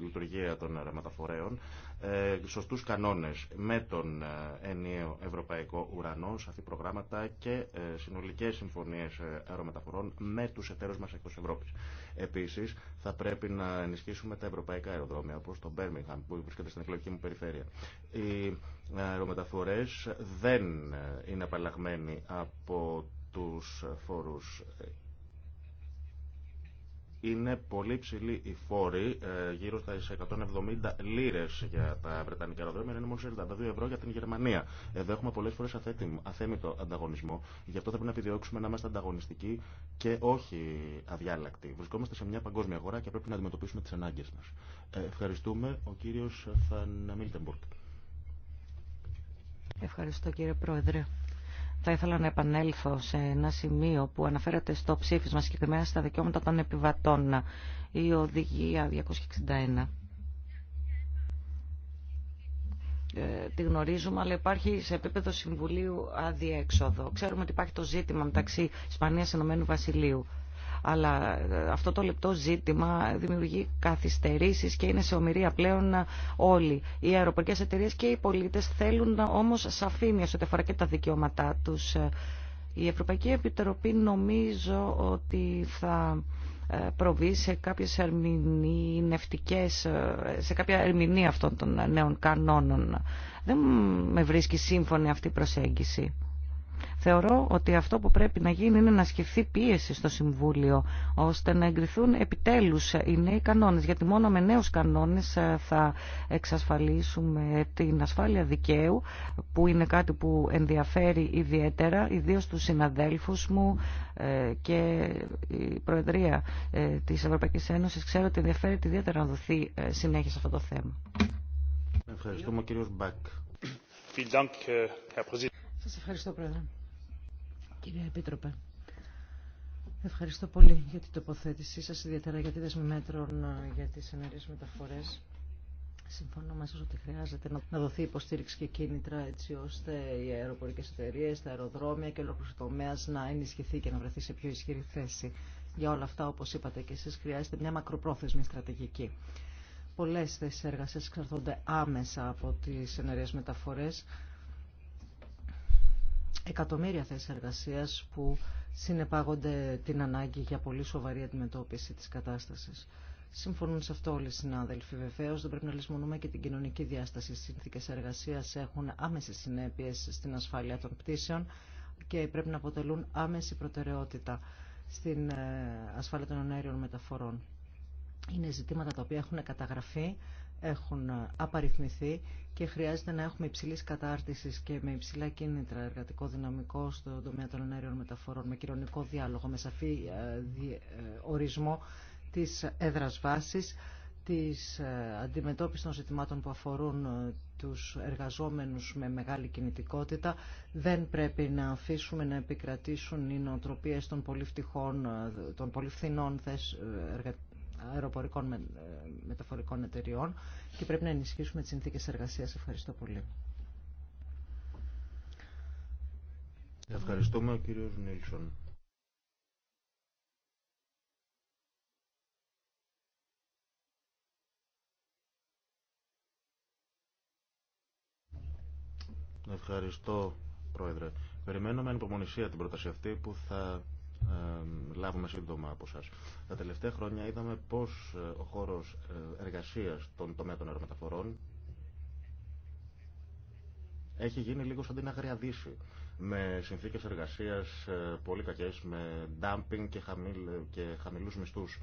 λειτουργία των αερομεταφορέων ε, σωστούς κανόνες με τον ε, ενιαίο ευρωπαϊκό ουρανό, σαφή προγράμματα και ε, συνολικές συμφωνίες αερομεταφορών με τους εταίρους μας εκτός Ευρώπης. Επίσης, θα πρέπει να ενισχύσουμε τα ευρωπαϊκά αεροδρόμια, όπως το Birmingham που βρίσκεται στην εκλογική μου περιφέρεια. Οι αερομεταφορές δεν είναι απαλλαγμένοι από τους φόρους είναι πολύ ψηλή η φόρη, ε, γύρω στα 170 λίρε για τα Βρετανικά αεροδρόμια, είναι μόνο 42 ευρώ για την Γερμανία. Εδώ έχουμε πολλέ φορέ αθέμητο ανταγωνισμό, γι' αυτό θα πρέπει να επιδιώξουμε να είμαστε ανταγωνιστικοί και όχι αδιάλακτοι. Βρισκόμαστε σε μια παγκόσμια αγορά και πρέπει να αντιμετωπίσουμε τι ανάγκε μα. Ε, ευχαριστούμε. Ο κύριο Φαν Μίλτεμπουργκ. Ευχαριστώ κύριε Πρόεδρε. Θα ήθελα να επανέλθω σε ένα σημείο που αναφέρεται στο ψήφισμα συγκεκριμένα στα δικαιώματα των επιβατών. Η οδηγία 261. Ε, τη γνωρίζουμε, αλλά υπάρχει σε επίπεδο Συμβουλίου αδιέξοδο. Ξέρουμε ότι υπάρχει το ζήτημα μεταξύ Ισπανίας και Βασιλείου αλλά ε, αυτό το λεπτό ζήτημα δημιουργεί καθυστερήσεις και είναι σε ομοιρία πλέον ε, όλοι. Οι αεροπορικές εταιρείες και οι πολίτες θέλουν ε, όμως σαφήνεια σε ό,τι αφορά και τα δικαιώματά τους. Η Ευρωπαϊκή Επιτροπή νομίζω ότι θα προβεί σε κάποιες ερμηνευτικές, σε κάποια ερμηνεία αυτών των νέων κανόνων. Δεν με βρίσκει σύμφωνη αυτή η προσέγγιση. Θεωρώ ότι αυτό που πρέπει να γίνει είναι να ασκηθεί πίεση στο Συμβούλιο ώστε να εγκριθούν επιτέλους οι νέοι κανόνες γιατί μόνο με νέους κανόνες ε, θα εξασφαλίσουμε την ασφάλεια δικαίου που είναι κάτι που ενδιαφέρει ιδιαίτερα ιδίως τους συναδέλφους μου ε, και η Προεδρία ε, της Ευρωπαϊκής Ένωσης ξέρω ότι ενδιαφέρει ιδιαίτερα να δοθεί συνέχεια σε αυτό το θέμα. Ευχαριστούμε Μπακ. Σας ευχαριστώ, Πρόεδρε. Κύριε Επίτροπε, ευχαριστώ πολύ για την τοποθέτησή σας, ιδιαίτερα για τη δεσμή μέτρων ε, για τις ενέργειες μεταφορές. Συμφωνώ μαζί ότι χρειάζεται να δοθεί υποστήριξη και κίνητρα έτσι ώστε οι αεροπορικέ εταιρείε, τα αεροδρόμια και το τομέας να ενισχυθεί και να βρεθεί σε πιο ισχυρή θέση. Για όλα αυτά, όπω είπατε και εσεί, χρειάζεται μια μακροπρόθεσμη στρατηγική. Πολλέ θέσει εργασία εξαρτώνται άμεσα από τι ενεργέ μεταφορέ εκατομμύρια θέσεις εργασίας που συνεπάγονται την ανάγκη για πολύ σοβαρή αντιμετώπιση της κατάστασης. Συμφωνούν σε αυτό όλοι οι συνάδελφοι. Βεβαίω, δεν πρέπει να λησμονούμε και την κοινωνική διάσταση. Οι συνθήκε εργασία έχουν άμεσε συνέπειε στην ασφάλεια των πτήσεων και πρέπει να αποτελούν άμεση προτεραιότητα στην ε, ασφάλεια των αέριων μεταφορών. Είναι ζητήματα τα οποία έχουν καταγραφεί έχουν απαριθμηθεί και χρειάζεται να έχουμε υψηλή κατάρτιση και με υψηλά κίνητρα εργατικό δυναμικό στον τομέα των ενέργειων μεταφορών, με κοινωνικό διάλογο, με σαφή ε, ε, ορισμό τη έδρα βάση, της ε, αντιμετώπιση των ζητημάτων που αφορούν τους εργαζόμενους με μεγάλη κινητικότητα. Δεν πρέπει να αφήσουμε να επικρατήσουν οι νοοτροπίες των πολύ, των πολύ φθηνών εργατικών αεροπορικών ε, μεταφορικών εταιριών και πρέπει να ενισχύσουμε τις συνθήκες εργασίας. Ευχαριστώ πολύ. Ευχαριστούμε ο κύριος Νίλσον. Ευχαριστώ, Πρόεδρε. Περιμένουμε με ανυπομονησία την πρόταση αυτή που θα λάβουμε σύντομα από εσά. Τα τελευταία χρόνια είδαμε πώς ε, ο χώρος ε, εργασίας των τομέα των αερομεταφορών έχει γίνει λίγο σαν την δύση, με συνθήκες εργασίας ε, πολύ κακές, με dumping και, χαμηλού και χαμηλούς μισθούς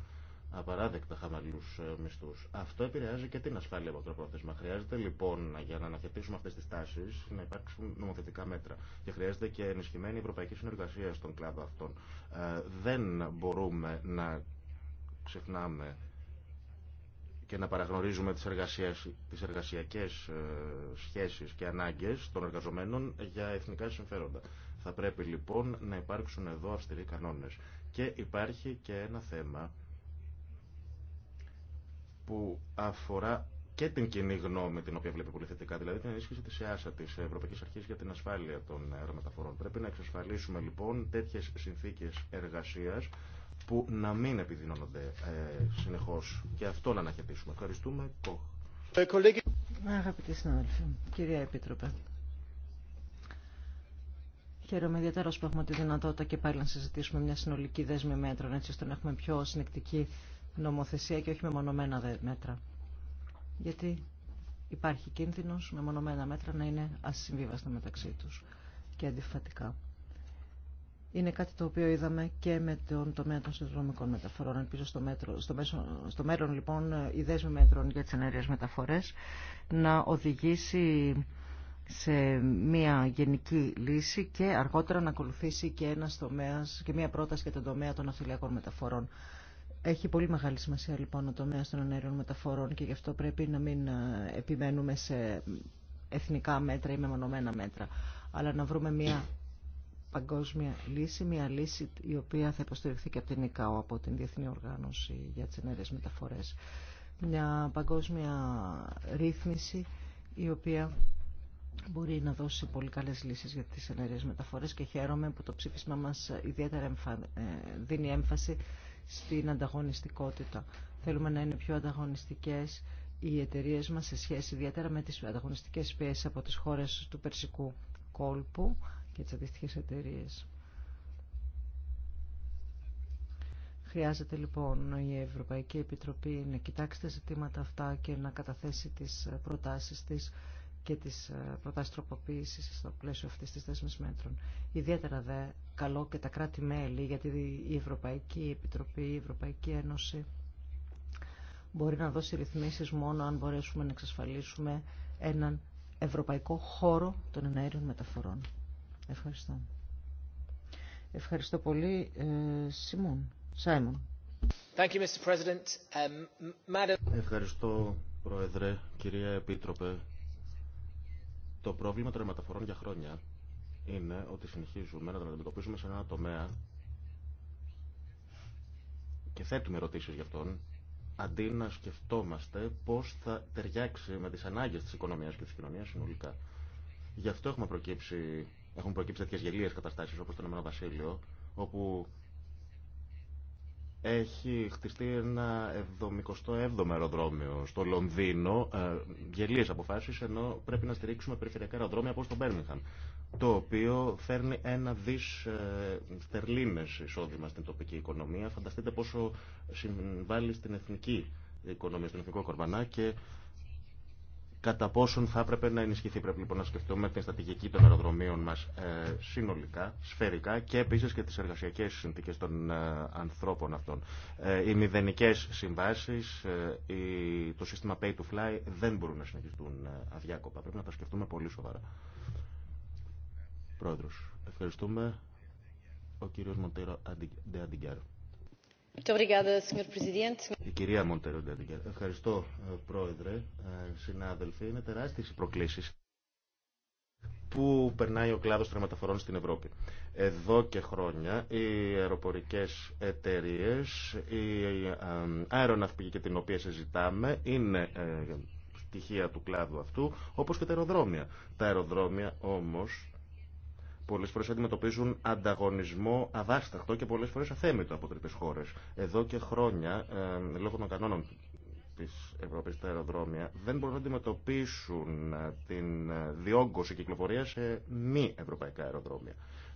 απαράδεκτα χαμαλού ε, μισθού. Αυτό επηρεάζει και την ασφάλεια από το πρόθεσμα. Χρειάζεται λοιπόν για να αναθετήσουμε αυτέ τι τάσει να υπάρξουν νομοθετικά μέτρα. Και χρειάζεται και ενισχυμένη ευρωπαϊκή συνεργασία στον κλάδο αυτών. Ε, δεν μπορούμε να ξεχνάμε και να παραγνωρίζουμε τις, εργασίες, τις εργασιακές ε, σχέσεις και ανάγκες των εργαζομένων για εθνικά συμφέροντα. Θα πρέπει λοιπόν να υπάρξουν εδώ αυστηροί κανόνες. Και υπάρχει και ένα θέμα που αφορά και την κοινή γνώμη την οποία βλέπει πολύ θετικά, δηλαδή την ενίσχυση τη ΕΑΣΑ, τη Ευρωπαϊκή Αρχή για την Ασφάλεια των Αερομεταφορών. Πρέπει να εξασφαλίσουμε λοιπόν τέτοιε συνθήκε εργασία που να μην επιδεινώνονται ε, συνεχώ και αυτό να αναχαιτήσουμε. Ευχαριστούμε. Ε, Αγαπητοί συνάδελφοι, κυρία Επίτροπε. Χαίρομαι ιδιαίτερα που έχουμε τη δυνατότητα και πάλι να συζητήσουμε μια συνολική δέσμη μέτρων, έτσι ώστε να έχουμε πιο συνεκτική νομοθεσία και όχι με μονομένα μέτρα. Γιατί υπάρχει κίνδυνος με μονομένα μέτρα να είναι ασυμβίβαστα μεταξύ τους και αντιφατικά. Είναι κάτι το οποίο είδαμε και με τον τομέα των συνδρομικών μεταφορών. Ελπίζω στο, μέτρο, στο, μέσο, στο μέλλον λοιπόν η δέσμη μέτρων για τις ενέργειες μεταφορές να οδηγήσει σε μια γενική λύση και αργότερα να ακολουθήσει και ένας τομέας, και μια πρόταση για τον τομέα των αυτιλιακών μεταφορών. Έχει πολύ μεγάλη σημασία λοιπόν ο τομέα των ενεργών μεταφορών και γι' αυτό πρέπει να μην ε, επιμένουμε σε εθνικά μέτρα ή μεμονωμένα μέτρα, αλλά να βρούμε μια παγκόσμια λύση, μια λύση η οποία θα υποστηριχθεί και από την ΕΚΑΟ, από την Διεθνή Οργάνωση για τις ενέργειε Μεταφορές. Μια παγκόσμια ρύθμιση η οποία μπορεί να δώσει πολύ καλές λύσεις για τις ενέργειε μεταφορές και χαίρομαι που το ψήφισμα μας ιδιαίτερα ε, δίνει έμφαση στην ανταγωνιστικότητα. Θέλουμε να είναι πιο ανταγωνιστικές οι εταιρείε μας σε σχέση ιδιαίτερα με τις ανταγωνιστικές πιέσεις από τις χώρες του Περσικού κόλπου και τις αντίστοιχε εταιρείε. Χρειάζεται λοιπόν η Ευρωπαϊκή Επιτροπή να κοιτάξει τα ζητήματα αυτά και να καταθέσει τις προτάσεις της και τις ε, προτάσεις τροποποίησης στο πλαίσιο αυτής της θέση μέτρων. Ιδιαίτερα δε καλό και τα κράτη-μέλη, γιατί η Ευρωπαϊκή Επιτροπή, η Ευρωπαϊκή Ένωση μπορεί να δώσει ρυθμίσεις μόνο αν μπορέσουμε να εξασφαλίσουμε έναν ευρωπαϊκό χώρο των εναέριων μεταφορών. Ευχαριστώ. Ευχαριστώ πολύ, ε, Σιμών. Σάιμον. Um, Ευχαριστώ, Πρόεδρε, κυρία Επίτροπε, το πρόβλημα των μεταφορών για χρόνια είναι ότι συνεχίζουμε να τα αντιμετωπίζουμε σε ένα τομέα και θέτουμε ερωτήσει γι' αυτόν, αντί να σκεφτόμαστε πώ θα ταιριάξει με τι ανάγκε τη οικονομία και τη κοινωνία συνολικά. Γι' αυτό έχουμε προκύψει, έχουν προκύψει τέτοιε γελίε καταστάσει όπω το Ηνωμένο Βασίλειο, όπου έχει χτιστεί ένα 77ο αεροδρόμιο στο Λονδίνο, ε, γελίε αποφάσεις, ενώ πρέπει να στηρίξουμε περιφερειακά αεροδρόμια όπω το Μπέρμιχαν, το οποίο φέρνει ένα δις ε, στερλίνε εισόδημα στην τοπική οικονομία. Φανταστείτε πόσο συμβάλλει στην εθνική οικονομία, στον εθνικό κορβανά και κατά πόσον θα έπρεπε να ενισχυθεί. Πρέπει λοιπόν να σκεφτούμε την στρατηγική των αεροδρομίων μας ε, συνολικά, σφαιρικά και επίσης και τις εργασιακές συνθήκες των ε, ανθρώπων αυτών. Ε, οι μηδενικές συμβάσεις, ε, το σύστημα pay to fly δεν μπορούν να συνεχιστούν αδιάκοπα. Πρέπει να τα σκεφτούμε πολύ σοβαρά. Πρόεδρος, ευχαριστούμε. Ο κύριος Μοντέρο κυρία Μοντέρο Ευχαριστώ, ε, Πρόεδρε, ε, συνάδελφοι. Είναι τεράστιες οι προκλήσεις που περνάει ο κλάδος των στην Ευρώπη. Εδώ και χρόνια οι αεροπορικές εταιρείες, η ε, αεροναυπηγή και την οποία συζητάμε, είναι στοιχεία του κλάδου αυτού, όπως και τα αεροδρόμια. Τα αεροδρόμια όμως Πολλές φορές αντιμετωπίζουν ανταγωνισμό αδάσταχτο και πολλές φορές αθέμητο από τρίτες χώρες. Εδώ και χρόνια, ε, λόγω των κανόνων τη Ευρώπη τα αεροδρόμια δεν μπορούν να αντιμετωπίσουν ε, την ε, διόγκωση κυκλοφορία σε μη ευρωπαϊκά αεροδρόμια.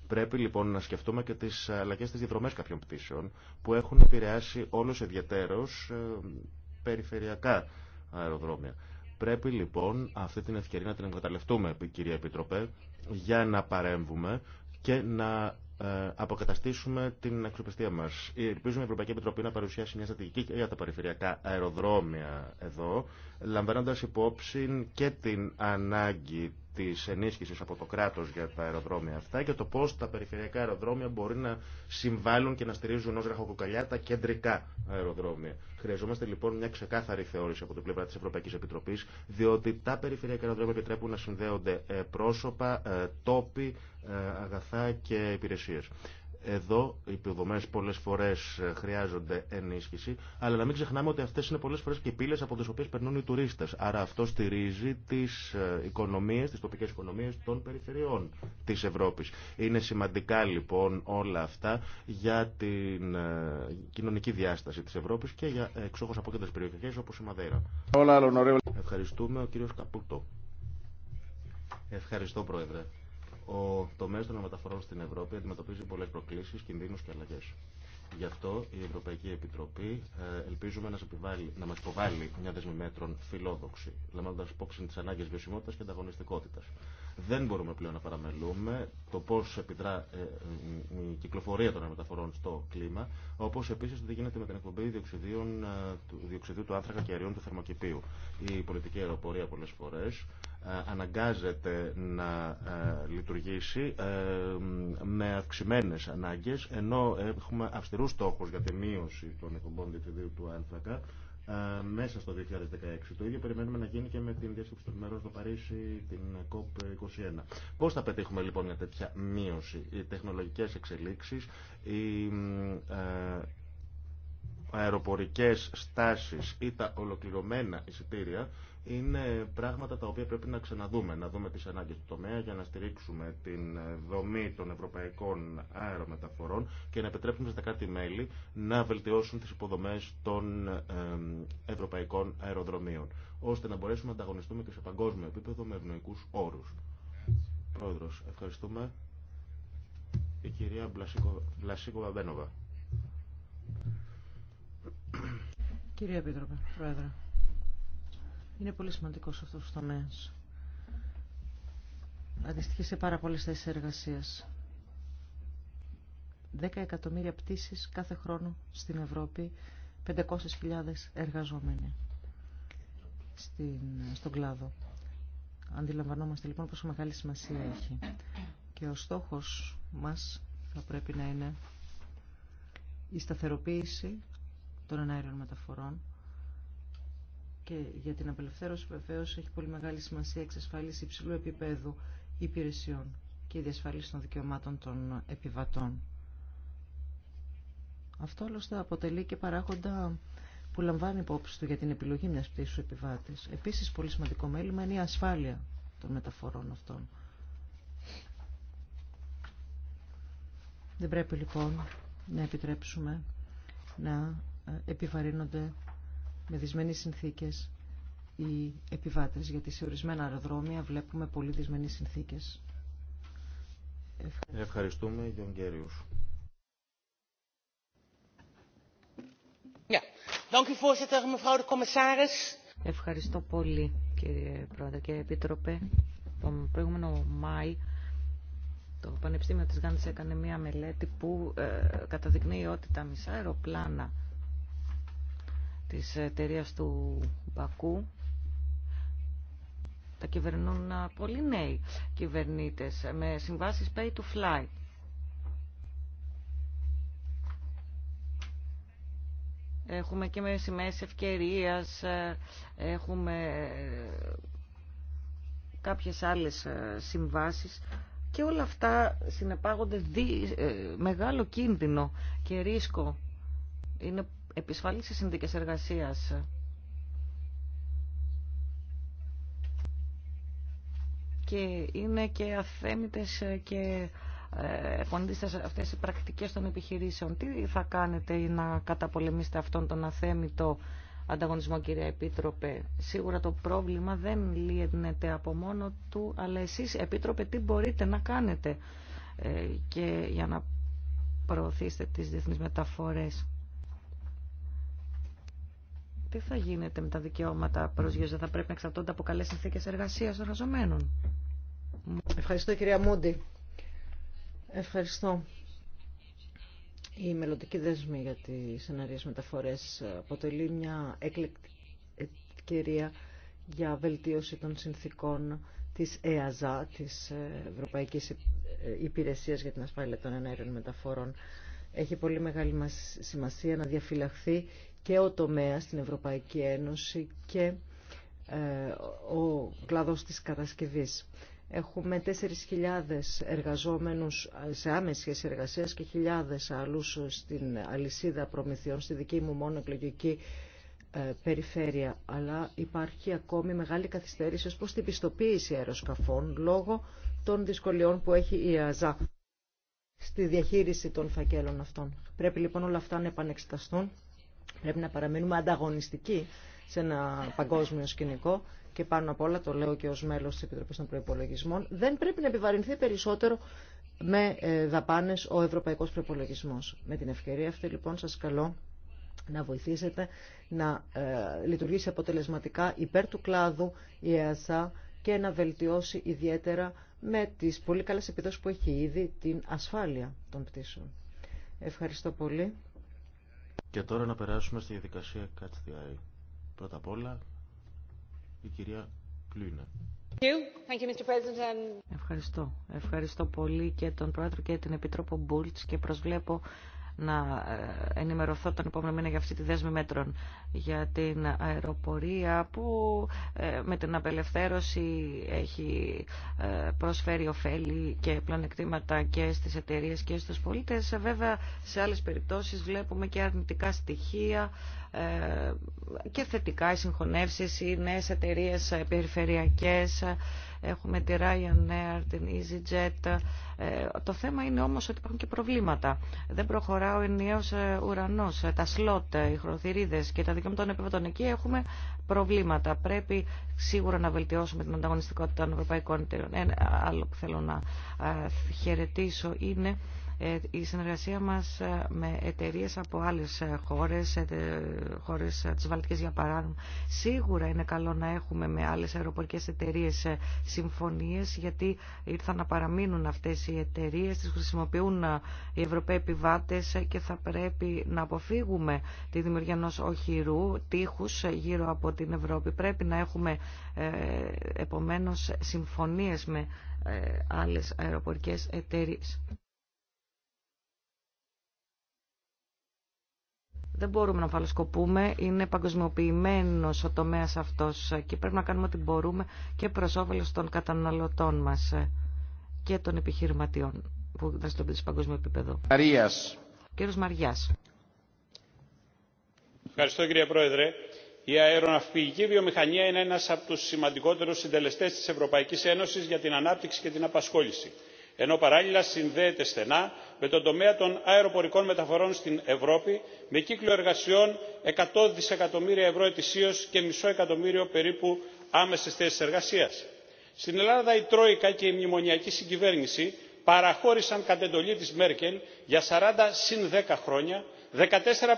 Πρέπει λοιπόν να σκεφτούμε και τι αλλαγέ στι διαδρομέ κάποιων πτήσεων που έχουν επηρεάσει όλο ιδιαίτερω ε, περιφερειακά αεροδρόμια. Πρέπει λοιπόν αυτή την ευκαιρία να την εγκαταλευτούμε, κυρία Επίτροπε, για να παρέμβουμε και να ε, αποκαταστήσουμε την αξιοπιστία μα. Ελπίζουμε η Ευρωπαϊκή Επιτροπή να παρουσιάσει μια στρατηγική για τα περιφερειακά αεροδρόμια εδώ, λαμβάνοντα υπόψη και την ανάγκη τη ενίσχυση από το κράτο για τα αεροδρόμια αυτά και το πώ τα περιφερειακά αεροδρόμια μπορεί να συμβάλλουν και να στηρίζουν ω ραχοκοκαλιά τα κεντρικά αεροδρόμια. Χρειαζόμαστε λοιπόν μια ξεκάθαρη θεώρηση από την πλευρά τη Ευρωπαϊκή Επιτροπή, διότι τα περιφερειακά αεροδρόμια επιτρέπουν να συνδέονται ε, πρόσωπα, ε, τόποι, ε, αγαθά και υπηρεσίε. Εδώ οι υποδομέ πολλέ φορέ ε, χρειάζονται ενίσχυση, αλλά να μην ξεχνάμε ότι αυτέ είναι πολλέ φορέ και πύλε από τι οποίε περνούν οι τουρίστε. Άρα αυτό στηρίζει τι ε, οικονομίε, τι τοπικέ οικονομίε των περιφερειών τη Ευρώπη. Είναι σημαντικά λοιπόν όλα αυτά για την ε, κοινωνική διάσταση τη Ευρώπη και για εξόχω απόκεντρε περιοχέ όπω η Μαδέρα. Ευχαριστούμε ο κύριο Καπούτο. Ευχαριστώ πρόεδρε. Ο τομέα των μεταφορών στην Ευρώπη αντιμετωπίζει πολλέ προκλήσει, κινδύνου και αλλαγέ. Γι' αυτό η Ευρωπαϊκή Επιτροπή ε, ελπίζουμε να, να μας υποβάλει μια δεσμή φιλόδοξη, λαμβάνοντα υπόψη τι ανάγκε βιωσιμότητα και ανταγωνιστικότητα. Δεν μπορούμε πλέον να παραμελούμε το πώ επιτρά ε, ε, η κυκλοφορία των μεταφορών στο κλίμα, όπω επίση δεν γίνεται με την εκπομπή ε, διοξιδίου του άνθρακα και αερίων του θερμοκηπίου. Η πολιτική αεροπορία πολλέ φορέ αναγκάζεται να λειτουργήσει με αυξημένε ανάγκε, ενώ έχουμε αυστηρού στόχου για τη μείωση των εκπομπών διοξιδίου του άνθρακα ε, μέσα στο 2016. Το ίδιο περιμένουμε να γίνει και με την διάσκεψη των ημερών στο Παρίσι, την COP21. Πώ θα πετύχουμε λοιπόν μια τέτοια μείωση, οι τεχνολογικέ εξελίξει, οι ε, αεροπορικές στάσεις ή τα ολοκληρωμένα εισιτήρια είναι πράγματα τα οποία πρέπει να ξαναδούμε, να δούμε τις ανάγκες του τομέα για να στηρίξουμε την ε, δομή των ευρωπαϊκών αερομεταφορών και να επιτρέψουμε στα κάτι μέλη να βελτιώσουν τις υποδομές των ευρωπαϊκών αεροδρομίων, ώστε να μπορέσουμε να ανταγωνιστούμε και σε παγκόσμιο επίπεδο με ευνοϊκού όρους. Πρόεδρος, ευχαριστούμε. Η κυρία Βλασίκο Βαμπένοβα. Κυρία Επίτροπε, Πρόεδρε. Είναι πολύ σημαντικό αυτό ο τομέα. Αντιστοιχεί σε πάρα πολλές θέσει εργασία. 10 εκατομμύρια πτήσεις κάθε χρόνο στην Ευρώπη, 500.000 εργαζόμενοι στην, στον κλάδο. Αντιλαμβανόμαστε λοιπόν πόσο μεγάλη σημασία έχει. Και ο στόχος μας θα πρέπει να είναι η σταθεροποίηση των εναέριων μεταφορών και για την απελευθέρωση βεβαίω έχει πολύ μεγάλη σημασία εξασφάλιση υψηλού επίπεδου υπηρεσιών και η διασφάλιση των δικαιωμάτων των επιβατών. Αυτό άλλωστε αποτελεί και παράγοντα που λαμβάνει υπόψη του για την επιλογή μιας πτήσης του επιβάτης. Επίσης, πολύ σημαντικό μέλημα είναι η ασφάλεια των μεταφορών αυτών. Δεν πρέπει λοιπόν να επιτρέψουμε να ε, επιβαρύνονται με δυσμένες συνθήκες οι επιβάτες, γιατί σε ορισμένα αεροδρόμια βλέπουμε πολύ δυσμένες συνθήκες. Ευχαριστούμε, Γιονγκέριους. Ευχαριστώ πολύ, κύριε Πρόεδρε και Επίτροπε. Τον προηγούμενο Μάη το Πανεπιστήμιο της γάντης έκανε μία μελέτη που ε, καταδεικνύει ότι τα μισά αεροπλάνα της εταιρεία του Μπακού. Τα κυβερνούν πολύ νέοι κυβερνήτες με συμβάσεις pay to fly. Έχουμε και με σημαίες ευκαιρίας, ε, έχουμε ε, κάποιες άλλες ε, συμβάσεις και όλα αυτά συνεπάγονται δι, μεγάλο κίνδυνο και ρίσκο. Είναι επισφάλιση συνδικές εργασίας. Και είναι και αθέμητες και ε, επονδύσεις αυτές οι πρακτικές των επιχειρήσεων. Τι θα κάνετε να καταπολεμήσετε αυτόν τον αθέμητο ανταγωνισμό, κυρία Επίτροπε. Σίγουρα το πρόβλημα δεν λύνεται από μόνο του, αλλά εσείς, Επίτροπε, τι μπορείτε να κάνετε ε, και για να προωθήσετε τις διεθνείς μεταφορές τι θα γίνεται με τα δικαιώματα προσγείωση, θα πρέπει να εξαρτώνται από καλέ συνθήκε εργασία των εργαζομένων. Ευχαριστώ κυρία Μούντι. Ευχαριστώ. Η μελλοντική δέσμη για τι ενέργειε μεταφορέ αποτελεί μια έκλεκτη ευκαιρία για βελτίωση των συνθήκων τη ΕΑΖΑ, τη Ευρωπαϊκή Υπηρεσία για την Ασφάλεια των Ενέργειων Μεταφορών. Έχει πολύ μεγάλη σημασία να διαφυλαχθεί και ο τομέας στην Ευρωπαϊκή Ένωση και ε, ο κλάδος της κατασκευής. Έχουμε 4.000 εργαζόμενους ε, σε άμεση σχέση εργασίας και χιλιάδες άλλους στην αλυσίδα προμηθειών, στη δική μου μόνο εκλογική ε, περιφέρεια. Αλλά υπάρχει ακόμη μεγάλη καθυστέρηση ως προς την πιστοποίηση αεροσκαφών λόγω των δυσκολιών που έχει η ΑΖΑ στη διαχείριση των φακέλων αυτών. Πρέπει λοιπόν όλα αυτά να επανεξεταστούν Πρέπει να παραμείνουμε ανταγωνιστικοί σε ένα παγκόσμιο σκηνικό και πάνω απ' όλα το λέω και ως μέλος της Επιτροπής των Προϋπολογισμών, δεν πρέπει να επιβαρυνθεί περισσότερο με ε, δαπάνες ο ευρωπαϊκός προϋπολογισμός. Με την ευκαιρία αυτή λοιπόν σας καλώ να βοηθήσετε να ε, λειτουργήσει αποτελεσματικά υπέρ του κλάδου η ΕΑΣΑ και να βελτιώσει ιδιαίτερα με τις πολύ καλές επιδόσεις που έχει ήδη την ασφάλεια των πτήσεων. Ευχαριστώ πολύ. Και τώρα να περάσουμε στη διαδικασία Catch Πρώτα απ' όλα, η κυρία Κλούινα. Ευχαριστώ. Ευχαριστώ πολύ και τον Πρόεδρο και την Επιτρόπο Μπούλτς και προσβλέπω να ε, ενημερωθώ τον επόμενο μήνα για αυτή τη δέσμη μέτρων για την αεροπορία που ε, με την απελευθέρωση έχει ε, προσφέρει ωφέλη και πλανεκτήματα και στις εταιρείε και στους πολίτες. Βέβαια σε άλλες περιπτώσεις βλέπουμε και αρνητικά στοιχεία και θετικά οι συγχωνεύσεις, οι νέες εταιρείε περιφερειακές έχουμε τη Ryanair, την EasyJet. Ε, το θέμα είναι όμως ότι υπάρχουν και προβλήματα. Δεν προχωρά ο ενιαίος ε, ουρανός, ε, τα σλότ, οι χροθυρίδες και τα δικαιώματα των επιβατών. Εκεί έχουμε προβλήματα. Πρέπει σίγουρα να βελτιώσουμε την ανταγωνιστικότητα των ευρωπαϊκών εταιριών. Ένα άλλο που θέλω να χαιρετήσω είναι ε, η συνεργασία μας ε, με εταιρείες από άλλες ε, χώρες, χώρες της Βαλτικής για παράδειγμα, σίγουρα είναι καλό να έχουμε με άλλες αεροπορικές εταιρείες συμφωνίες, γιατί ήρθαν να παραμείνουν αυτές οι εταιρείες, τις χρησιμοποιούν οι Ευρωπαίοι επιβάτες και θα πρέπει να αποφύγουμε τη δημιουργία ενός οχυρού τείχους γύρω από την Ευρώπη. Πρέπει να έχουμε επομένως συμφωνίες με άλλες αεροπορικές εταιρείες. Δεν μπορούμε να φαλοσκοπούμε. Είναι παγκοσμιοποιημένο ο τομέα αυτό και πρέπει να κάνουμε ό,τι μπορούμε και προ όφελο των καταναλωτών μα και των επιχειρηματιών που δραστηριοποιούνται σε παγκόσμιο επίπεδο. Μαρία. Κύριο Μαριά. Ευχαριστώ κύριε Πρόεδρε. Η αεροναυπηγική βιομηχανία είναι ένα από του σημαντικότερου συντελεστέ τη Ευρωπαϊκή Ένωση για την ανάπτυξη και την απασχόληση ενώ παράλληλα συνδέεται στενά με τον τομέα των αεροπορικών μεταφορών στην ευρώπη με κύκλο εργασιών εκατό δισεκατομμύρια ευρώ ετησίως και μισό εκατομμύριο περίπου άμεσες θέσεις εργασίας. στην ελλάδα η τρόικα και η μνημονιακή συγκυβέρνηση παραχώρησαν κατ' εντολή της μέρκελ για 40 συν 10 χρόνια 14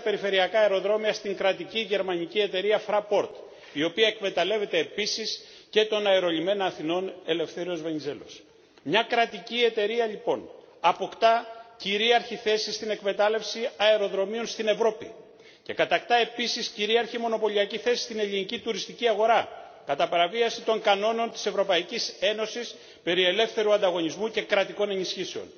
περιφερειακά αεροδρόμια στην κρατική γερμανική εταιρεία Fraport, η οποία εκμεταλλεύεται επίσης και τον αερολιμένα Αθηνών Ελευθέριος Βενιζέλος μια κρατική εταιρεία λοιπόν αποκτά κυρίαρχη θέση στην εκμετάλλευση αεροδρομίων στην ευρώπη και κατακτά επίσης κυρίαρχη μονοπωλιακή θέση στην ελληνική τουριστική αγορά κατά παραβίαση των κανόνων της ευρωπαϊκής ένωσης περί ελεύθερου ανταγωνισμού και κρατικών ενισχύσεων.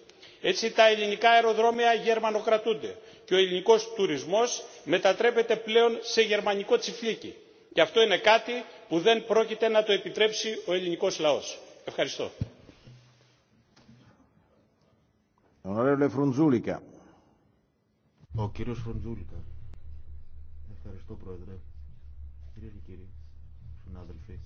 έτσι τα ελληνικά αεροδρόμια γερμανοκρατούνται και ο ελληνικός τουρισμός μετατρέπεται πλέον σε γερμανικό τσιφλίκι και αυτό είναι κάτι που δεν πρόκειται να το επιτρέψει ο ελληνικός λαός. ευχαριστώ. Ο κύριος Φροντζούλικα. Ευχαριστώ πρόεδρε. Κυρίε και κύριοι, συνάδελφοι.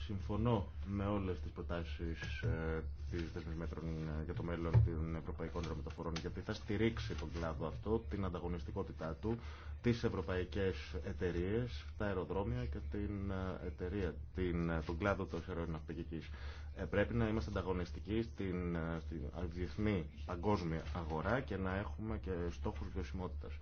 Συμφωνώ με όλες τις προτάσεις ε, της δεσμής μέτρων ε, για το μέλλον των ευρωπαϊκών αερομεταφορών γιατί θα στηρίξει τον κλάδο αυτό, την ανταγωνιστικότητά του, τις ευρωπαϊκές εταιρείες, τα αεροδρόμια και την ε, εταιρεία, την, ε, τον κλάδο των αεροναυπηγικής. Ε, πρέπει να είμαστε ανταγωνιστικοί στην, ε, στην διεθνή παγκόσμια αγορά και να έχουμε και στόχους βιωσιμότητας.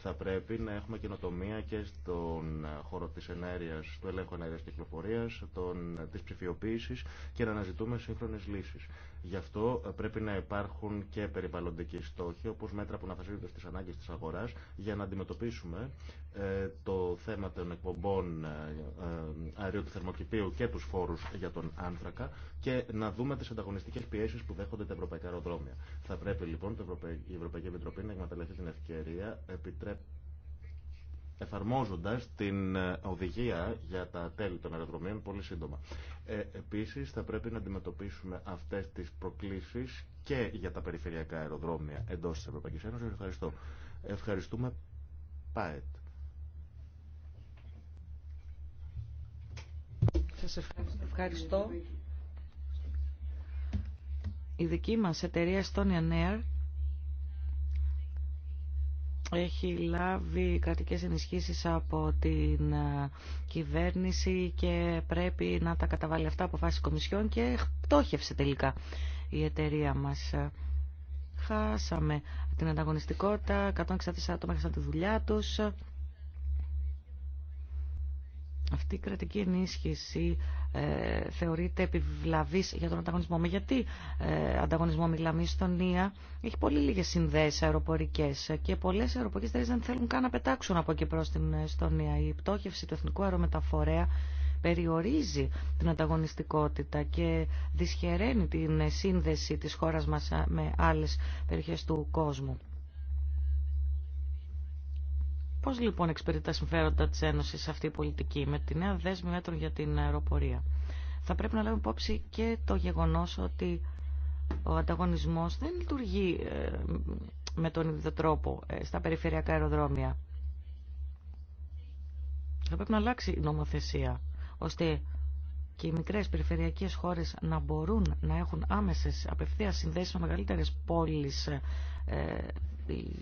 Θα πρέπει να έχουμε καινοτομία και στον ε, χώρο της ενέργειας, του ελέγχου ενέργειας κυκλοφορίας, των, της ψηφιοποίησης και να αναζητούμε σύγχρονες λύσεις. Γι' αυτό ε, πρέπει να υπάρχουν και περιβαλλοντικοί στόχοι, όπως μέτρα που να φασίζονται στις ανάγκες της αγοράς, για να αντιμετωπίσουμε ε, το θέμα των εκπομπών ε, αερίου του θερμοκηπίου και τους φόρους για τον άνθρακα και να δούμε τις ανταγωνιστικές πιέσεις που δέχονται τα ευρωπαϊκά αεροδρόμια. Θα πρέπει λοιπόν η Ευρωπαϊκή Επιτροπή να εκμεταλλευτεί την ευκαιρία επιτρέπ εφαρμόζοντας την ε, οδηγία για τα τέλη των αεροδρομίων πολύ σύντομα. Ε, επίσης θα πρέπει να αντιμετωπίσουμε αυτές τις προκλήσεις και για τα περιφερειακά αεροδρόμια εντό τη Ευρωπαϊκής Ευχαριστώ. Ευχαριστούμε. ΠΑΕΤ. Σας ευχαριστώ. ευχαριστώ. Η δική μας εταιρεία Estonian Air έχει λάβει κρατικές ενισχύσεις από την ε, κυβέρνηση και πρέπει να τα καταβάλει αυτά από φάση κομισιών και πτώχευσε τελικά η εταιρεία μας. Χάσαμε την ανταγωνιστικότητα, 164 άτομα χάσαν τη δουλειά τους αυτή η κρατική ενίσχυση ε, θεωρείται επιβλαβής για τον ανταγωνισμό. Με γιατί ε, ανταγωνισμό μιλάμε, η Ιστονία έχει πολύ λίγε συνδέσει αεροπορικέ. και πολλέ αεροπορικέ εταιρείες δεν θέλουν καν να πετάξουν από εκεί προ την Ιστονία. Η πτώχευση του εθνικού αερομεταφορέα περιορίζει την ανταγωνιστικότητα και δυσχεραίνει την σύνδεση της χώρας μας με άλλες περιοχές του κόσμου. Πώς λοιπόν εξυπηρετεί τα συμφέροντα της Ένωσης αυτή η πολιτική με τη νέα δέσμη μέτρων για την αεροπορία. Θα πρέπει να λάβουμε υπόψη και το γεγονός ότι ο ανταγωνισμός δεν λειτουργεί ε, με τον ίδιο τρόπο ε, στα περιφερειακά αεροδρόμια. Θα πρέπει να αλλάξει η νομοθεσία, ώστε και οι μικρές περιφερειακές χώρες να μπορούν να έχουν άμεσες απευθείας συνδέσεις με μεγαλύτερες πόλεις ε,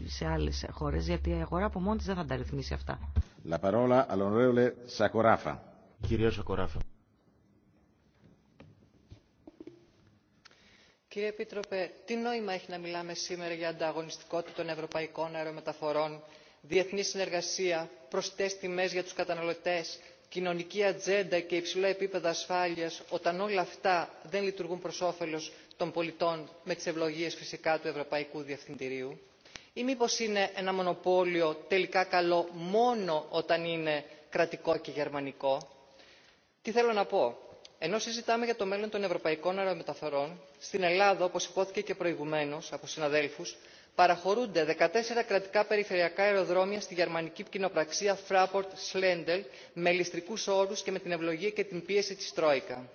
σε άλλε χώρε, γιατί η αγορά από μόνη τη δεν θα τα ρυθμίσει αυτά. La parola all'onorevole Σακοράφα. Κύριε Σακοράφα. Κύριε Επίτροπε, τι νόημα έχει να μιλάμε σήμερα για ανταγωνιστικότητα των ευρωπαϊκών αερομεταφορών, διεθνή συνεργασία, προστέ τιμέ για του καταναλωτέ, κοινωνική ατζέντα και υψηλό επίπεδο ασφάλεια, όταν όλα αυτά δεν λειτουργούν προ όφελο των πολιτών με τι ευλογίε φυσικά του ευρωπαϊκού διευθυντηρίου ή μήπως είναι ένα μονοπόλιο τελικά καλό μόνο όταν είναι κρατικό και γερμανικό. Τι θέλω να πω. Ενώ συζητάμε για το μέλλον των ευρωπαϊκών αερομεταφορών, στην Ελλάδα, όπως υπόθηκε και προηγουμένω, από συναδέλφους, παραχωρούνται 14 κρατικά περιφερειακά αεροδρόμια στη γερμανική κοινοπραξία Fraport Schlendel με ληστρικούς όρους και με την ευλογία και την πίεση της Τρόικα.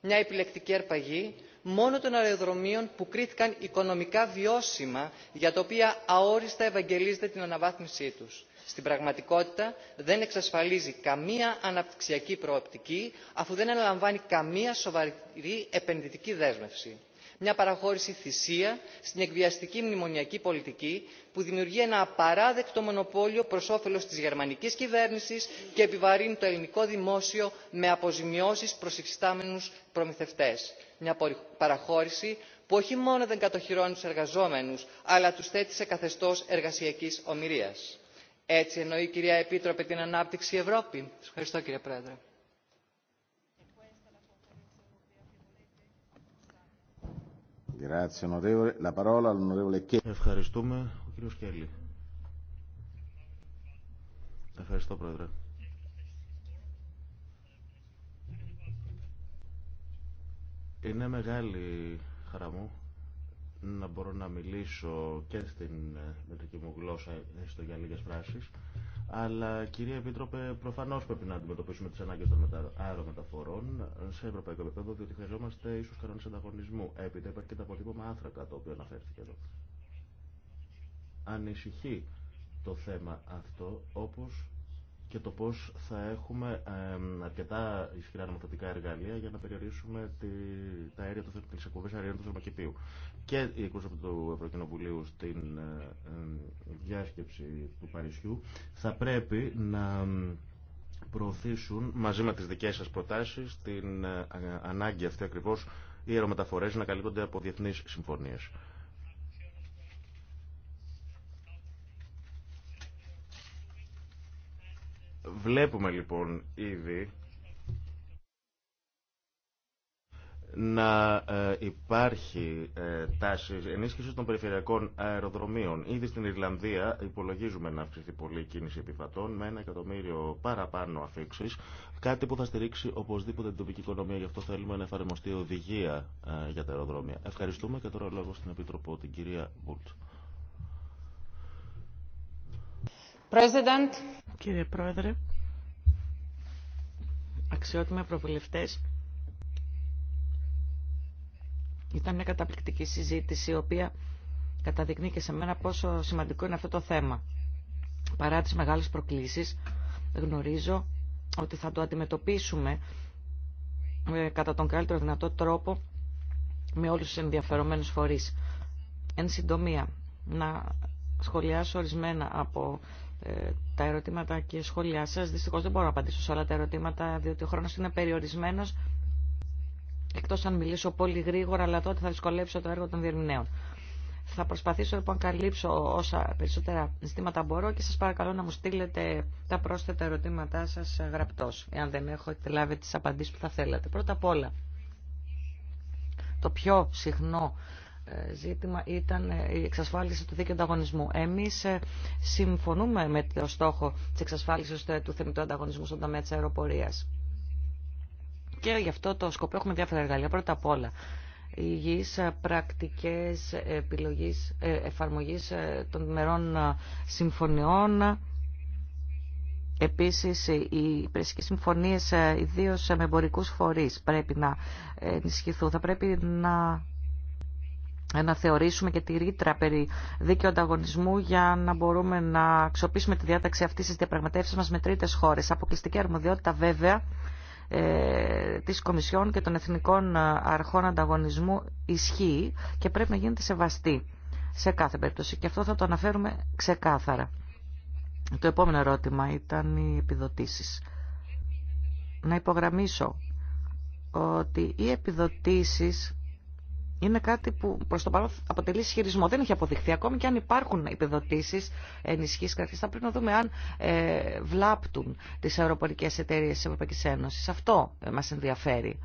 Μια επιλεκτική αρπαγή μόνο των αεροδρομίων που κρίθηκαν οικονομικά βιώσιμα για τα οποία αόριστα ευαγγελίζεται την αναβάθμισή τους. Στην πραγματικότητα δεν εξασφαλίζει καμία αναπτυξιακή προοπτική αφού δεν αναλαμβάνει καμία σοβαρή επενδυτική δέσμευση μια παραχώρηση θυσία στην εκβιαστική μνημονιακή πολιτική που δημιουργεί ένα απαράδεκτο μονοπόλιο προ όφελο τη γερμανική κυβέρνηση και επιβαρύνει το ελληνικό δημόσιο με αποζημιώσει προ υφιστάμενου προμηθευτέ. Μια παραχώρηση που όχι μόνο δεν κατοχυρώνει του εργαζόμενου, αλλά του θέτει σε καθεστώ εργασιακή ομοιρία. Έτσι εννοεί, κυρία Επίτροπε, την ανάπτυξη Ευρώπη. Ευχαριστώ, κύριε Πρόεδρε. Ευχαριστούμε. Ο κύριος Κέλλη. Ευχαριστώ, Πρόεδρε. Είναι μεγάλη χαρά μου να μπορώ να μιλήσω και στην μετρική μου γλώσσα, έστω ε, για λίγες φράσεις, αλλά κυρία Επίτροπε, προφανώ πρέπει να αντιμετωπίσουμε τι ανάγκε των αερομεταφορών σε ευρωπαϊκό επίπεδο, διότι χρειαζόμαστε ίσω κανόνε ανταγωνισμού. Έπειτα υπάρχει και το αποτύπωμα άνθρακα, το οποίο αναφέρθηκε εδώ. Ανησυχεί το θέμα αυτό, όπως και το πώς θα έχουμε αρκετά ισχυρά νομοθετικά εργαλεία για να περιορίσουμε τη, τα αέρια του, τις εκπομπές αερίων του θερμοκηπίου. Και η εκπρόσωπη του Ευρωκοινοβουλίου στην ε, διάσκεψη του Παρισιού θα πρέπει να προωθήσουν μαζί με τις δικές σας προτάσεις την ε, ανάγκη αυτή ακριβώς οι αερομεταφορές να καλύπτονται από διεθνείς συμφωνίες. Βλέπουμε λοιπόν ήδη να ε, υπάρχει ε, τάση ενίσχυσης των περιφερειακών αεροδρομίων. Ήδη στην Ιρλανδία υπολογίζουμε να αυξηθεί πολύ η κίνηση επιβατών με ένα εκατομμύριο παραπάνω αφήξεις, κάτι που θα στηρίξει οπωσδήποτε την τοπική οικονομία. Γι' αυτό θέλουμε να εφαρμοστεί οδηγία ε, για τα αεροδρόμια. Ευχαριστούμε και τώρα λόγω στην Επίτροπο την κυρία Μπούλτ. Κύριε Πρόεδρε, αξιότιμοι προβουλευτές, ήταν μια καταπληκτική συζήτηση, η οποία καταδεικνύει και σε μένα πόσο σημαντικό είναι αυτό το θέμα. Παρά τις μεγάλες προκλήσεις, γνωρίζω ότι θα το αντιμετωπίσουμε ε, κατά τον καλύτερο δυνατό τρόπο με όλους τους ενδιαφερομένους φορείς. Εν συντομία, να σχολιάσω ορισμένα από ε, τα ερωτήματα και σχόλιά σας. Δυστυχώς δεν μπορώ να απαντήσω σε όλα τα ερωτήματα, διότι ο χρόνος είναι περιορισμένος, εκτός αν μιλήσω πολύ γρήγορα, αλλά τότε θα δυσκολέψω το έργο των διερμηνέων. Θα προσπαθήσω λοιπόν να καλύψω όσα περισσότερα ζητήματα μπορώ και σας παρακαλώ να μου στείλετε τα πρόσθετα ερωτήματά σας γραπτός, εάν δεν έχω λάβει τις απαντήσεις που θα θέλατε. Πρώτα απ' όλα, το πιο συχνό ζήτημα ήταν ε, η εξασφάλιση του δίκαιου ανταγωνισμού. Εμείς ε, συμφωνούμε με το στόχο της εξασφάλισης ε, του θεμητού ανταγωνισμού στον τομέα της αεροπορίας. Και γι' αυτό το σκοπό έχουμε διάφορα εργαλεία. Πρώτα απ' όλα, υγιείς πρακτικές επιλογής, εφαρμογής των μερών συμφωνιών, Επίσης, οι υπηρεσικές συμφωνίες, ιδίως με εμπορικού φορείς, πρέπει να ενισχυθούν. Θα πρέπει να ε, να θεωρήσουμε και τη ρήτρα περί δίκαιου ανταγωνισμού για να μπορούμε να αξιοποιήσουμε τη διάταξη αυτή τη διαπραγματεύσεις μας με τρίτες χώρες. Αποκλειστική αρμοδιότητα βέβαια ε, της Κομισιόν και των Εθνικών Αρχών Ανταγωνισμού ισχύει και πρέπει να γίνεται σεβαστή σε κάθε περίπτωση. Και αυτό θα το αναφέρουμε ξεκάθαρα. Το επόμενο ερώτημα ήταν οι επιδοτήσεις. Να υπογραμμίσω ότι οι επιδοτήσεις είναι κάτι που προ το παρόν αποτελεί ισχυρισμό. Δεν έχει αποδειχθεί ακόμη και αν υπάρχουν επιδοτήσει ενισχύσει κρατή. Θα πρέπει να δούμε αν ε, βλάπτουν τι αεροπορικέ εταιρείε τη Ευρωπαϊκή Ένωση. Αυτό ε, μα ενδιαφέρει.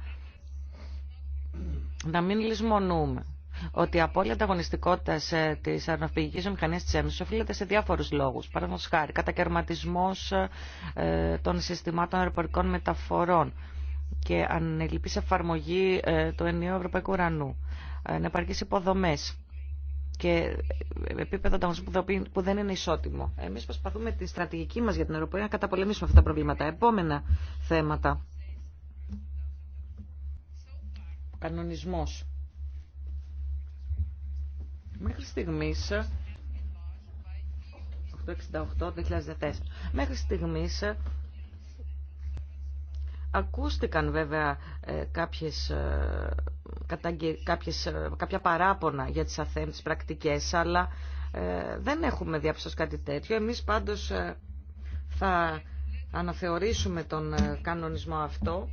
Να μην λησμονούμε ότι η απώλεια ανταγωνιστικότητα ε, τη αεροναυπηγική βιομηχανία τη Ένωση οφείλεται σε διάφορου λόγου. Παραδείγματο χάρη, κατακαιρματισμό ε, των συστημάτων αεροπορικών μεταφορών και ανελειπής εφαρμογή ε, του ενιαίου ευρωπαϊκού ουρανού, υπάρχει ε, υποδομέ. και ε, επίπεδο ανταγωνισμού που δεν είναι ισότιμο. Εμείς προσπαθούμε τη στρατηγική μας για την Ευρωπαϊκή να καταπολεμήσουμε αυτά τα προβλήματα. Επόμενα θέματα. Ο κανονισμός. Μέχρι στιγμής Μέχρι στιγμής Ακούστηκαν βέβαια ε, κάποιες, ε, κάποιες, ε, κάποια παράπονα για τις αθέμιτες πρακτικές, αλλά δεν έχουμε διαπιστώσει κάτι τέτοιο. Εμείς πάντως θα αναθεωρήσουμε τον κανονισμό αυτό.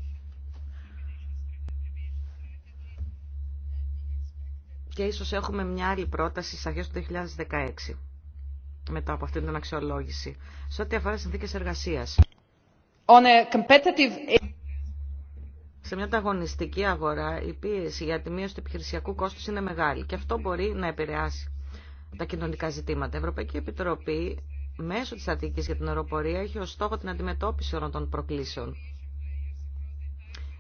Και ίσως έχουμε μια άλλη πρόταση στις αρχές του 2016 μετά από αυτήν την αξιολόγηση. Σε ό,τι αφορά συνθήκες εργασίας. On a competitive σε μια ανταγωνιστική αγορά η πίεση για τη μείωση του επιχειρησιακού κόστου είναι μεγάλη και αυτό μπορεί να επηρεάσει τα κοινωνικά ζητήματα. Η Ευρωπαϊκή Επιτροπή μέσω της Αττικής για την αεροπορία έχει ως στόχο την αντιμετώπιση όλων των προκλήσεων.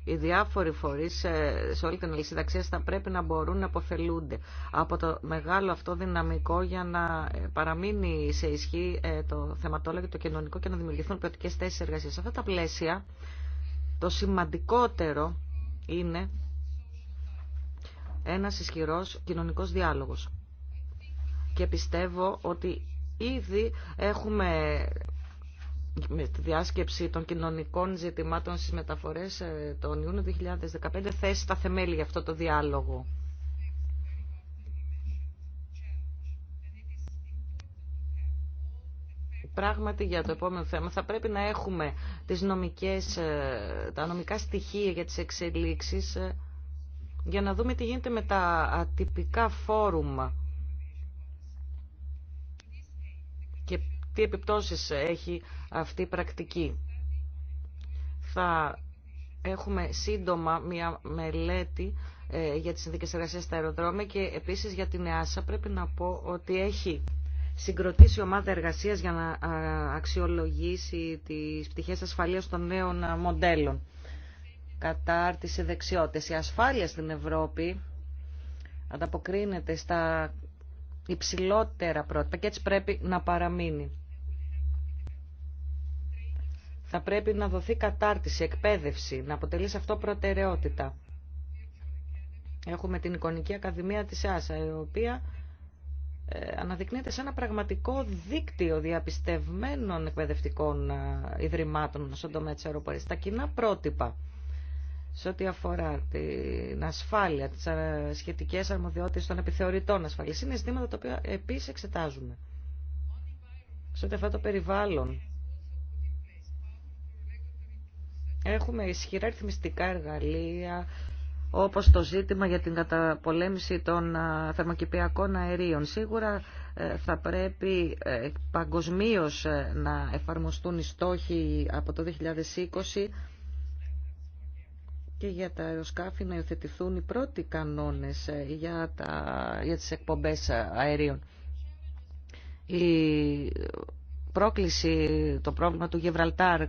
Οι διάφοροι φορεί ε, σε όλη την αλυσίδα θα πρέπει να μπορούν να αποφελούνται από το μεγάλο αυτό δυναμικό για να ε, παραμείνει σε ισχύ ε, το θεματόλογο και το κοινωνικό και να δημιουργηθούν ποιοτικέ θέσει εργασία. Σε αυτά τα πλαίσια το σημαντικότερο είναι ένας ισχυρός κοινωνικός διάλογος. Και πιστεύω ότι ήδη έχουμε με τη διάσκεψη των κοινωνικών ζητημάτων στις μεταφορές ε, τον Ιούνιο 2015 θέσει τα θεμέλια για αυτό το διάλογο. πράγματι για το επόμενο θέμα θα πρέπει να έχουμε τις νομικές, ε, τα νομικά στοιχεία για τις εξελίξεις ε, για να δούμε τι γίνεται με τα ατυπικά φόρουμα και τι επιπτώσεις έχει αυτή η πρακτική. Θα έχουμε σύντομα μια μελέτη ε, για τις συνθήκες εργασίας στα αεροδρόμια και επίσης για την ΕΑΣΑ πρέπει να πω ότι έχει συγκροτήσει ομάδα εργασίας για να αξιολογήσει τις πτυχές ασφαλείας των νέων μοντέλων. Κατάρτιση δεξιότητες. Η ασφάλεια στην Ευρώπη ανταποκρίνεται στα υψηλότερα πρότυπα και έτσι πρέπει να παραμείνει. Θα πρέπει να δοθεί κατάρτιση, εκπαίδευση, να αποτελεί σε αυτό προτεραιότητα. Έχουμε την Εικονική Ακαδημία της ΆΣΑ, η οποία ε, αναδεικνύεται σε ένα πραγματικό δίκτυο διαπιστευμένων εκπαιδευτικών ε, ιδρυμάτων στον τομέα της αεροπορίας. Τα κοινά πρότυπα σε ό,τι αφορά την ασφάλεια, τις ε, σχετικές αρμοδιότητες των επιθεωρητών ασφάλειας, είναι ζητήματα τα οποία επίσης εξετάζουμε. Σε ό,τι αφορά το περιβάλλον, έχουμε ισχυρά ρυθμιστικά εργαλεία όπως το ζήτημα για την καταπολέμηση των θερμοκηπιακών αερίων. Σίγουρα ε, θα πρέπει ε, παγκοσμίως ε, να εφαρμοστούν οι στόχοι από το 2020 και για τα αεροσκάφη να υιοθετηθούν οι πρώτοι κανόνες για, τα, για τις εκπομπές αερίων πρόκληση, το πρόβλημα του Γεβραλτάρ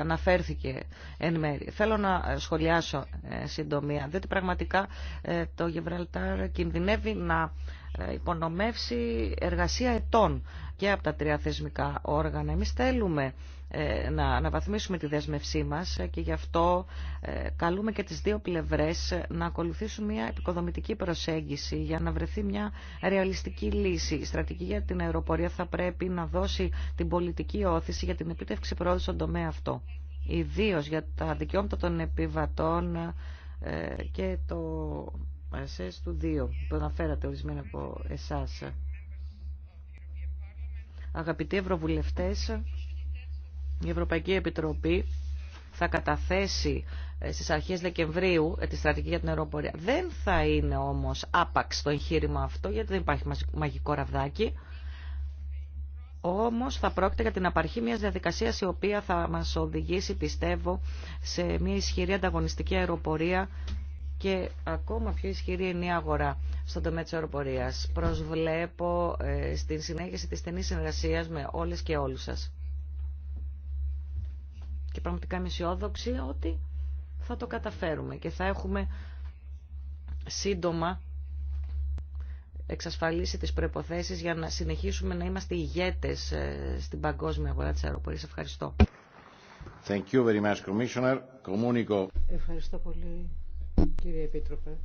αναφέρθηκε εν μέρη. Θέλω να σχολιάσω ε, συντομία, διότι πραγματικά ε, το Γεβραλτάρ κινδυνεύει να ε, υπονομεύσει εργασία ετών και από τα τρία θεσμικά όργανα. Εμείς ε, να αναβαθμίσουμε τη δέσμευσή μας και γι' αυτό ε, καλούμε και τις δύο πλευρές να ακολουθήσουν μια επικοδομητική προσέγγιση για να βρεθεί μια ρεαλιστική λύση. Η στρατηγική για την αεροπορία θα πρέπει να δώσει την πολιτική όθηση για την επίτευξη πρόοδου στον τομέα αυτό. Ιδίω για τα δικαιώματα των επιβατών ε, και το ΑΣΕΣ του 2 που αναφέρατε ορισμένα από εσάς. Αγαπητοί Ευρωβουλευτές, η Ευρωπαϊκή Επιτροπή θα καταθέσει ε, στις αρχές Δεκεμβρίου ε, τη στρατηγική για την αεροπορία. Δεν θα είναι όμως άπαξ το εγχείρημα αυτό, γιατί δεν υπάρχει μαγικό ραβδάκι. Όμως θα πρόκειται για την απαρχή μιας διαδικασίας η οποία θα μας οδηγήσει, πιστεύω, σε μια ισχυρή ανταγωνιστική αεροπορία και ακόμα πιο ισχυρή η αγορά στον τομέα της αεροπορίας. Προσβλέπω ε, στην συνέχιση της στενής συνεργασίας με όλες και όλους σας και πραγματικά είμαι αισιόδοξη ότι θα το καταφέρουμε και θα έχουμε σύντομα εξασφαλίσει τις προϋποθέσεις για να συνεχίσουμε να είμαστε ηγέτες ε, στην παγκόσμια αγορά της αεροπορίας. Ευχαριστώ. Thank you very much, Commissioner. Ευχαριστώ πολύ, κύριε Επίτροπε.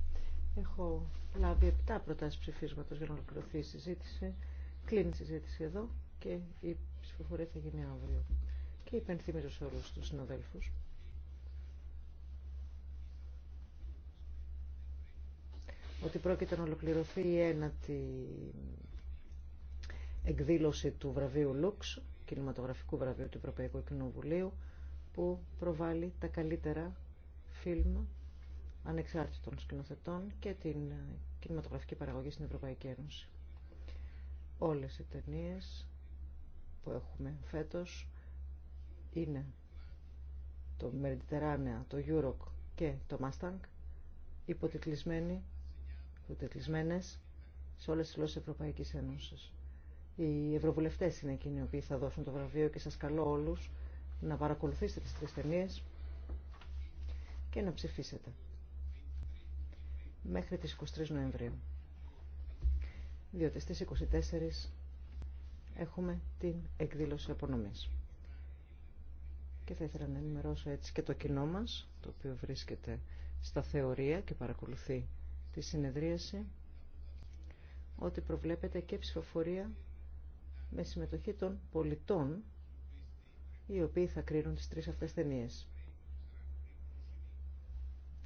Έχω λάβει επτά προτάσεις ψηφίσματος για να ολοκληρωθεί η συζήτηση. Κλείνει η συζήτηση εδώ και η ψηφοφορία θα γίνει αύριο και υπενθύμιζω σε όλους τους συναδέλφους. ότι πρόκειται να ολοκληρωθεί η ένατη εκδήλωση του βραβείου Λουξ, κινηματογραφικού βραβείου του Ευρωπαϊκού Κοινοβουλίου, που προβάλλει τα καλύτερα φιλμ ανεξάρτητων σκηνοθετών και την κινηματογραφική παραγωγή στην Ευρωπαϊκή Ένωση. Όλες οι ταινίες που έχουμε φέτος είναι το Mediterranean, το Euroc και το Mustang υποτιτλισμένοι, σε όλες τις γλώσσες Ευρωπαϊκής Ένωσης. Οι ευρωβουλευτές είναι εκείνοι οι οποίοι θα δώσουν το βραβείο και σας καλώ όλους να παρακολουθήσετε τις τρεις ταινίε και να ψηφίσετε μέχρι τις 23 Νοεμβρίου. Διότι στις 24 έχουμε την εκδήλωση απονομής και θα ήθελα να ενημερώσω έτσι και το κοινό μας, το οποίο βρίσκεται στα θεωρία και παρακολουθεί τη συνεδρίαση, ότι προβλέπεται και ψηφοφορία με συμμετοχή των πολιτών, οι οποίοι θα κρίνουν τις τρεις αυτές ταινίε.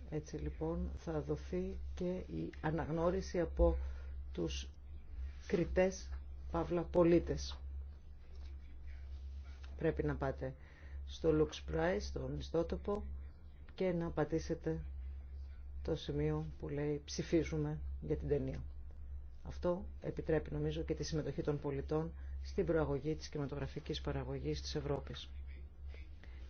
Έτσι λοιπόν θα δοθεί και η αναγνώριση από τους κριτές παύλα πολίτες. Πρέπει να πάτε στο Lux Price, στον ιστότοπο και να πατήσετε το σημείο που λέει ψηφίζουμε για την ταινία. Αυτό επιτρέπει νομίζω και τη συμμετοχή των πολιτών στην προαγωγή της κινηματογραφικής παραγωγής της Ευρώπης.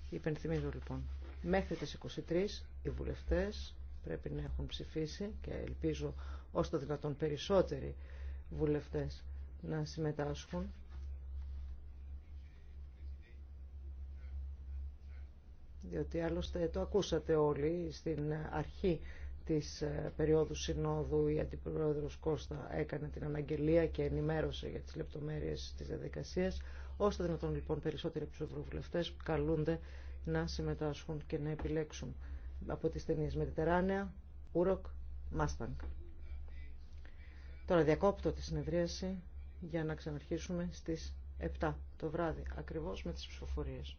Υπενθυμίζω λοιπόν, μέχρι τις 23 οι βουλευτές πρέπει να έχουν ψηφίσει και ελπίζω ως το δυνατόν περισσότεροι βουλευτές να συμμετάσχουν διότι άλλωστε το ακούσατε όλοι στην αρχή της ε, περίοδου συνόδου η Αντιπρόεδρος Κώστα έκανε την αναγγελία και ενημέρωσε για τις λεπτομέρειες της διαδικασίας ώστε δυνατόν λοιπόν περισσότεροι από καλούνται να συμμετάσχουν και να επιλέξουν από τις ταινίες Μεδiterranea, Ούροκ, Μάσταγκ. Τώρα διακόπτω τη συνεδρίαση για να ξαναρχίσουμε στις 7 το βράδυ, ακριβώς με τις ψηφοφορίες.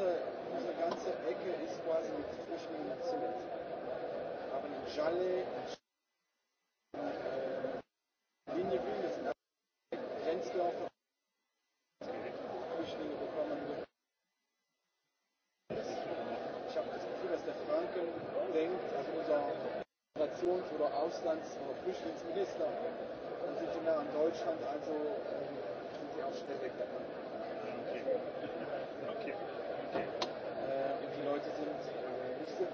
ganze, unsere ganze Ecke ist quasi mit Flüchtlingen erzählt. Wir haben in Jalle, in äh, das sind Grenzläufer, Flüchtlinge bekommen. Ich habe das Gefühl, dass der Franken denkt, also unser Migrations- oder Auslands- oder Flüchtlingsminister, dann sind sie nah an Deutschland, also sind sie auch schnell weg davon.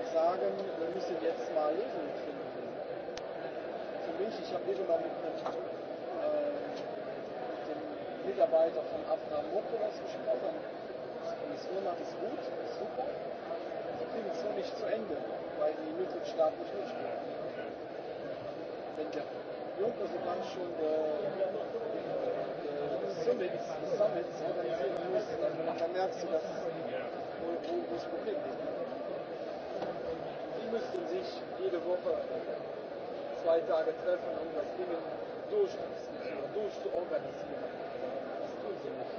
auch sagen, wir müssen jetzt mal Lösungen finden. Zumindest, ich habe eben mal mit einem, äh, dem Mitarbeiter von Afram Mokolas gesprochen. Die Kommission macht es gut, ist super. Sie kriegen es noch nicht zu Ende, weil die Mitgliedstaaten nicht mitspielen. Wenn der Juncker so ganz schon Summits, Summits organisieren muss, dann merkst du, dass wo, wo das Problem liegt müssten sich jede Woche zwei Tage treffen, um das Ding Durch durchzuorganisieren. Das tun sie nicht.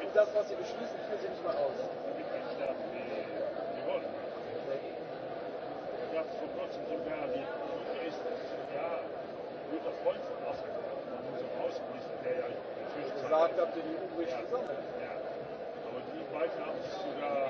Und das, was sie beschließen, führen sie nicht mal aus. Die ja, Ja, aber die beiden haben sogar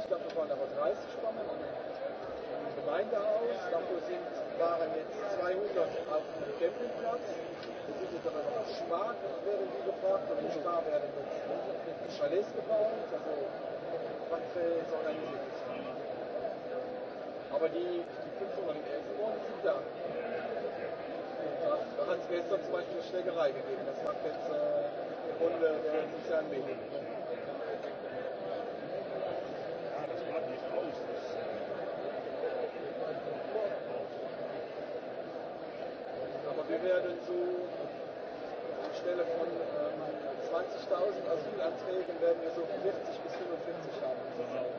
ich dafür waren aber 30 der im Gemeindehaus, dafür sind, waren jetzt 200 auf dem Campingplatz, Wir sind jetzt aber noch Spar, werden die gefragt, und in Spar werden jetzt Chalets gebaut, also was jetzt organisiert ist. Aber die, die 500 in sind da. Da hat es gestern zum Beispiel eine Schlägerei gegeben, das macht jetzt äh, eine Runde der sozialen Medien. 1000 Asylanträge werden wir so 40 bis 45 haben.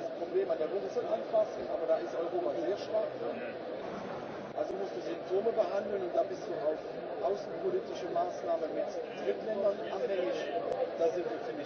das Problem an der Wurzel anfassen, aber da ist Europa sehr schwach. Also musst du Symptome behandeln und da bist du auf außenpolitische Maßnahmen mit Drittländern abhängig. Da sind wir, ziemlich.